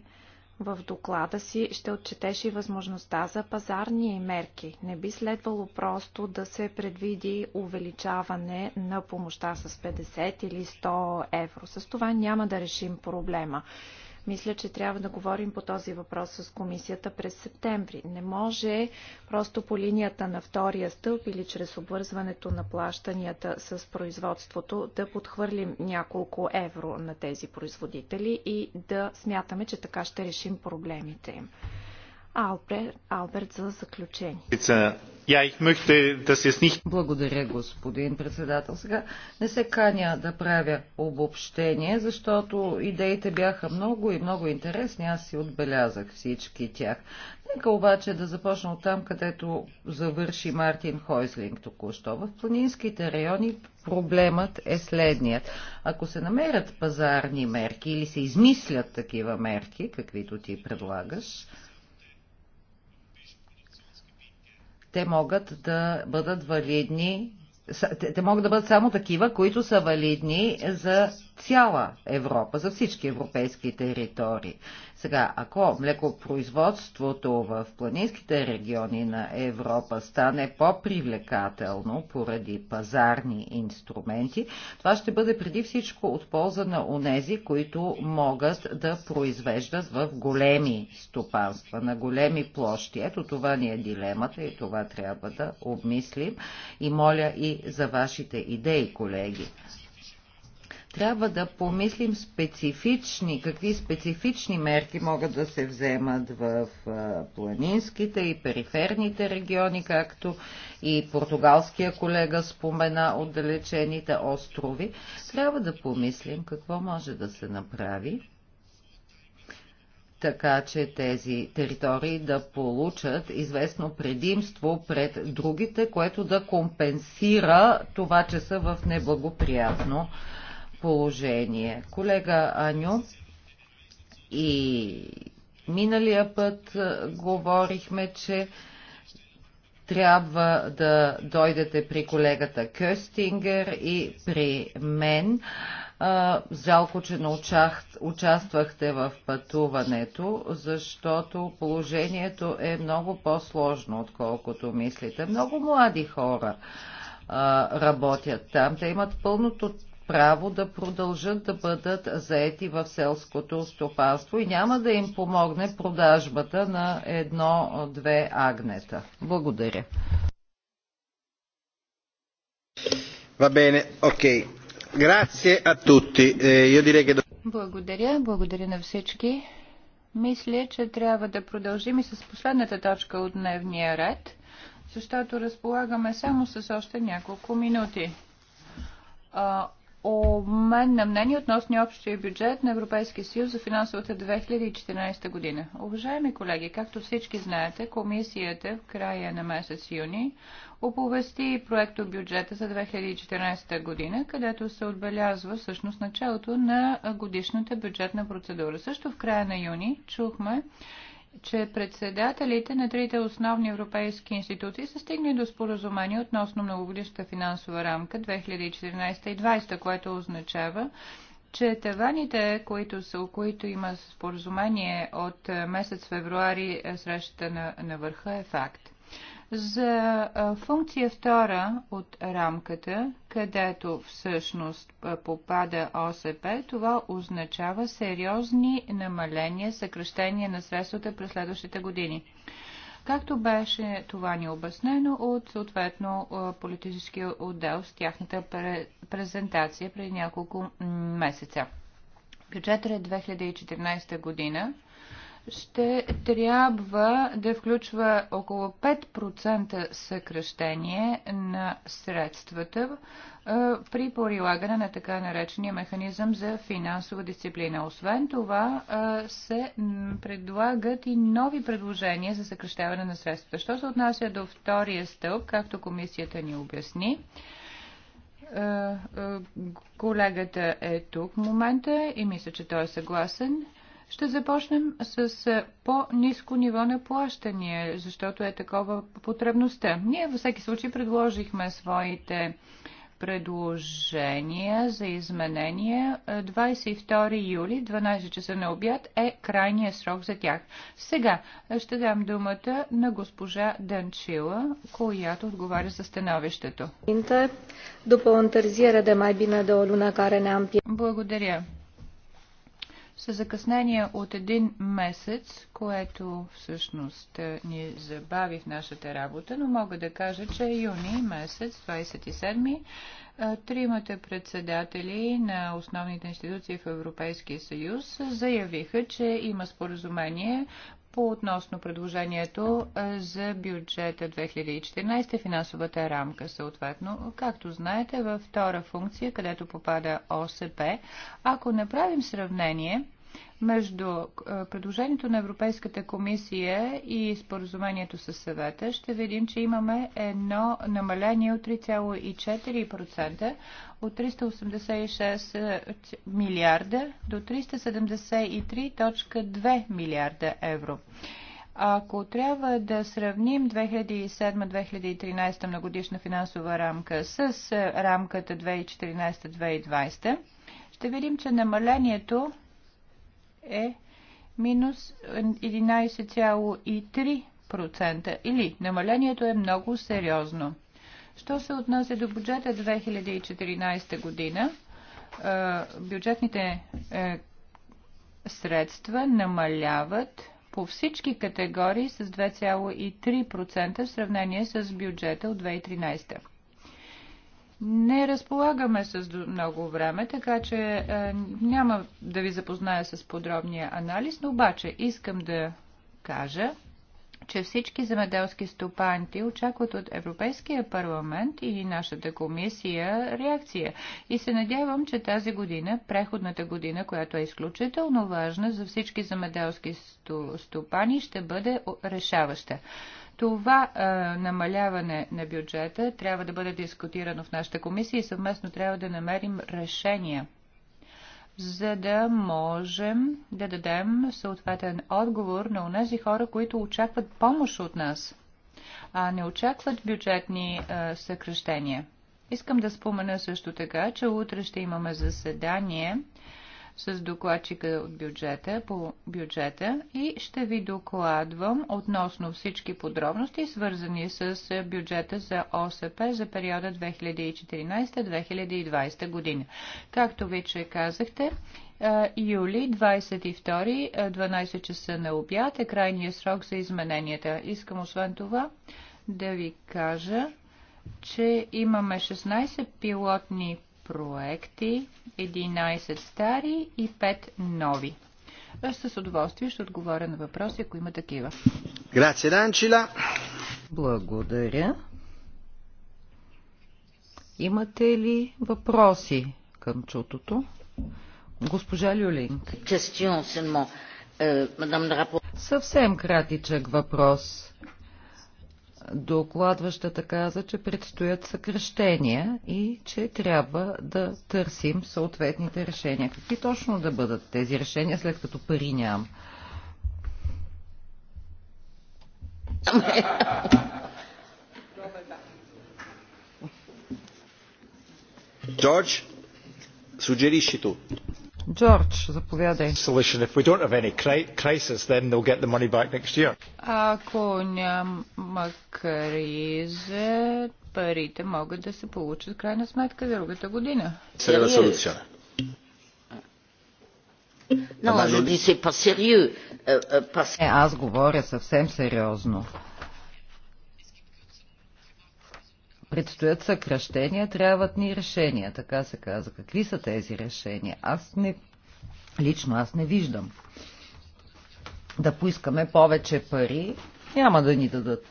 в доклада си ще отчетеш и възможността за пазарни мерки. Не би следвало просто да се предвиди увеличаване на помощта с 50 или 100 евро. С това няма да решим проблема. Мисля, че трябва да говорим по този въпрос с комисията през септември. Не може просто по линията на втория стълб или чрез обвързването на плащанията с производството да подхвърлим няколко евро на тези производители и да смятаме, че така ще решим проблемите им. Алберт, Алберт за заключение. Благодаря, господин председател. Сега не се каня да правя обобщение, защото идеите бяха много и много интересни. Аз си отбелязах всички тях. Нека обаче да започна от там, където завърши Мартин Хойзлинг току-що. В планинските райони проблемът е следният. Ако се намерят пазарни мерки или се измислят такива мерки, каквито ти предлагаш, Те могат да бъдат валидни, те могат да бъдат само такива, които са валидни за цяла Европа, за всички европейски територии. Сега, ако млекопроизводството в планинските региони на Европа стане по-привлекателно поради пазарни инструменти, това ще бъде преди всичко от полза на онези, които могат да произвеждат в големи стопанства, на големи площи. Ето това ни е дилемата и това трябва да обмислим. И моля и за вашите идеи, колеги трябва да помислим специфични, какви специфични мерки могат да се вземат в планинските и периферните региони, както и португалския колега спомена отдалечените острови. Трябва да помислим какво може да се направи така че тези територии да получат известно предимство пред другите, което да компенсира това, че са в неблагоприятно положение. Колега Аню и миналия път говорихме, че трябва да дойдете при колегата Кюстингер и при мен. Жалко, че не участвахте в пътуването, защото положението е много по-сложно, отколкото мислите. Много млади хора работят там. Те имат пълното право да продължат да бъдат заети в селското стопанство и няма да им помогне продажбата на едно-две агнета. Благодаря. Va bene, ok. Grazie a tutti. Eh, io direi che... Благодаря, благодаря на всички. Мисля, че трябва да продължим и с последната точка от дневния ред, защото разполагаме само с още няколко минути обмен на мнение относно общия бюджет на Европейския съюз за финансовата 2014 година. Уважаеми колеги, както всички знаете, комисията в края на месец юни оповести проекто бюджета за 2014 година, където се отбелязва всъщност началото на годишната бюджетна процедура. Също в края на юни чухме че председателите на трите основни европейски институции са стигнали до споразумение относно многогодишната финансова рамка 2014 и 2020, което означава, че таваните, които, са, които има споразумение от месец февруари е срещата на, на върха е факт за функция втора от рамката, където всъщност попада ОСП, това означава сериозни намаления, съкръщения на средствата през следващите години. Както беше това ни обяснено от съответно политическия отдел с тяхната презентация преди няколко месеца. Бюджетът е 2014 година ще трябва да включва около 5% съкръщение на средствата е, при прилагане на така наречения механизъм за финансова дисциплина. Освен това е, се предлагат и нови предложения за съкръщаване на средствата. Що се отнася до втория стълб, както комисията ни обясни, е, колегата е тук в момента и мисля, че той е съгласен. Ще започнем с е, по-низко ниво на плащания, защото е такова потребността. Ние във всеки случай предложихме своите предложения за изменения. 22 е, юли, 12 часа на обяд е крайния срок за тях. Сега е, ще дам думата на госпожа Данчила, която отговаря за становището. Благодаря с закъснение от един месец, което всъщност е, ни забави в нашата работа, но мога да кажа, че юни месец, 27-ми, е, тримата председатели на основните институции в Европейския съюз заявиха, че има споразумение по относно предложението е, за бюджета 2014 финансовата рамка съответно. Както знаете, във втора функция, където попада ОСП, ако направим сравнение, между е, предложението на Европейската комисия и споразумението с съвета, ще видим, че имаме едно намаление от 3,4% от 386 милиарда до 373.2 милиарда евро. Ако трябва да сравним 2007-2013 многодишна финансова рамка с рамката 2014-2020, ще видим, че намалението е минус 11,3% или намалението е много сериозно. Що се отнася до бюджета 2014 година, бюджетните е, средства намаляват по всички категории с 2,3% в сравнение с бюджета от 2013. Не разполагаме с много време, така че е, няма да ви запозная с подробния анализ, но обаче искам да кажа, че всички земеделски стопанти очакват от Европейския парламент и нашата комисия реакция. И се надявам, че тази година, преходната година, която е изключително важна за всички земеделски стопани, ще бъде решаваща. Това а, намаляване на бюджета трябва да бъде дискутирано в нашата комисия и съвместно трябва да намерим решения, за да можем да дадем съответен отговор на тези хора, които очакват помощ от нас, а не очакват бюджетни а, съкръщения. Искам да спомена също така, че утре ще имаме заседание с докладчика от бюджета по бюджета и ще ви докладвам относно всички подробности, свързани с е, бюджета за ОСП за периода 2014-2020 година. Както вече казахте, е, юли 22, 12 е, часа на обяд е крайния срок за измененията. Искам освен това да ви кажа, че имаме 16 пилотни проекти, 11 стари и 5 нови. Аз с удоволствие ще отговоря на въпроси, ако има такива. Грация, Данчила. Благодаря. Имате ли въпроси към чутото? Госпожа Люлинг. Euh, Съвсем кратичък въпрос докладващата каза, че предстоят съкрещения и че трябва да търсим съответните решения. Какви точно да бъдат тези решения, след като пари нямам? Джордж, суджериши Джордж, заповядай. Ако няма криза, парите могат да се получат крайна сметка другата година. Non, je dis c'est pas sérieux. Euh, euh, аз говоря съвсем сериозно. Предстоят съкръщения, трябват ни решения, така се каза. Какви са тези решения? Аз не, лично аз не виждам. Да поискаме повече пари, няма да ни дадат.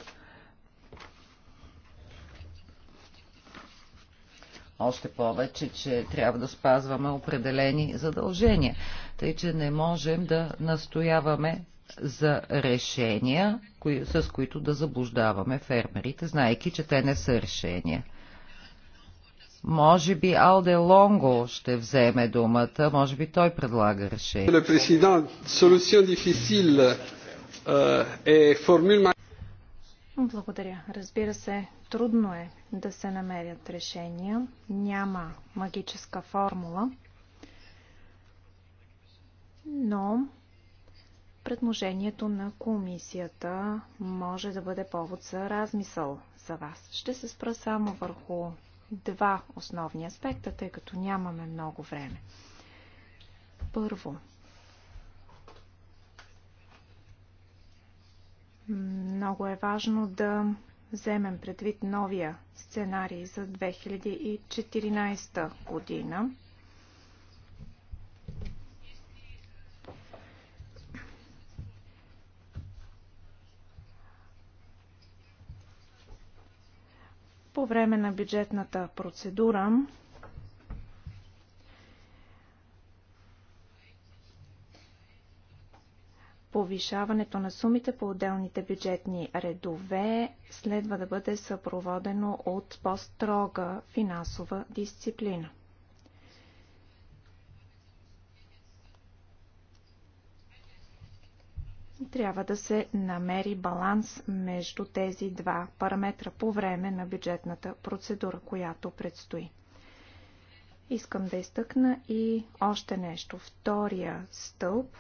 Още повече, че трябва да спазваме определени задължения. Тъй, че не можем да настояваме за решения, кои, с които да заблуждаваме фермерите, знаеки, че те не са решения. Може би Алде Лонго ще вземе думата, може би той предлага решение. Euh, Благодаря. Разбира се, трудно е да се намерят решения. Няма магическа формула. Но Предложението на комисията може да бъде повод за размисъл за вас. Ще се спра само върху два основни аспекта, тъй като нямаме много време. Първо, много е важно да вземем предвид новия сценарий за 2014 година. по време на бюджетната процедура повишаването на сумите по отделните бюджетни редове следва да бъде съпроводено от по-строга финансова дисциплина. трябва да се намери баланс между тези два параметра по време на бюджетната процедура, която предстои. Искам да изтъкна и още нещо. Втория стълб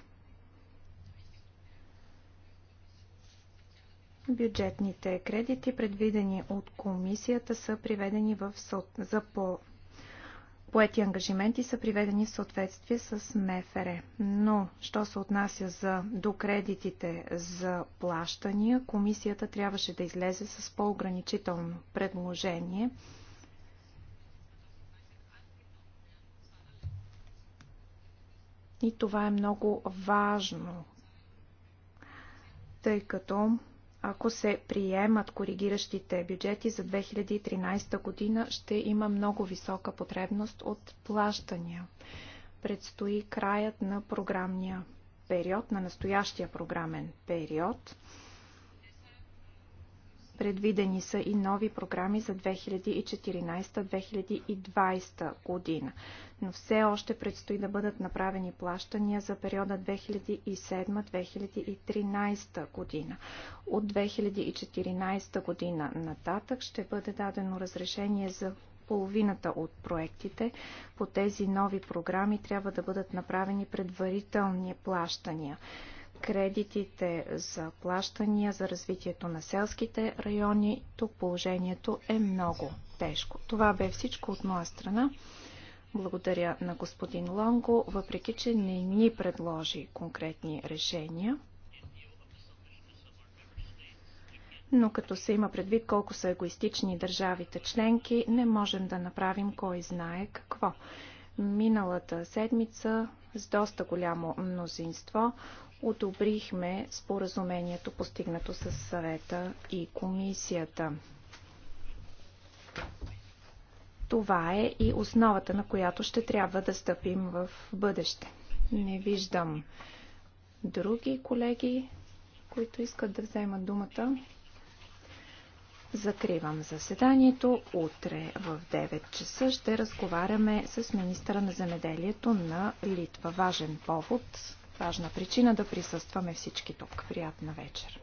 бюджетните кредити, предвидени от комисията, са приведени в, за по, поети ангажименти са приведени в съответствие с МФР. Но, що се отнася за докредитите за плащания, комисията трябваше да излезе с по-ограничително предложение. И това е много важно, тъй като ако се приемат коригиращите бюджети за 2013 година, ще има много висока потребност от плащания. Предстои краят на програмния период, на настоящия програмен период – Предвидени са и нови програми за 2014-2020 година, но все още предстои да бъдат направени плащания за периода 2007-2013 година. От 2014 година нататък ще бъде дадено разрешение за половината от проектите по тези нови програми трябва да бъдат направени предварителни плащания кредитите за плащания за развитието на селските райони, тук положението е много тежко. Това бе всичко от моя страна. Благодаря на господин Лонго, въпреки че не ни предложи конкретни решения. Но като се има предвид колко са егоистични държавите членки, не можем да направим кой знае какво. Миналата седмица с доста голямо мнозинство одобрихме споразумението постигнато с съвета и комисията. Това е и основата, на която ще трябва да стъпим в бъдеще. Не виждам други колеги, които искат да вземат думата. Закривам заседанието. Утре в 9 часа ще разговаряме с министъра на земеделието на Литва. Важен повод важна причина да присъстваме всички тук. Приятна вечер!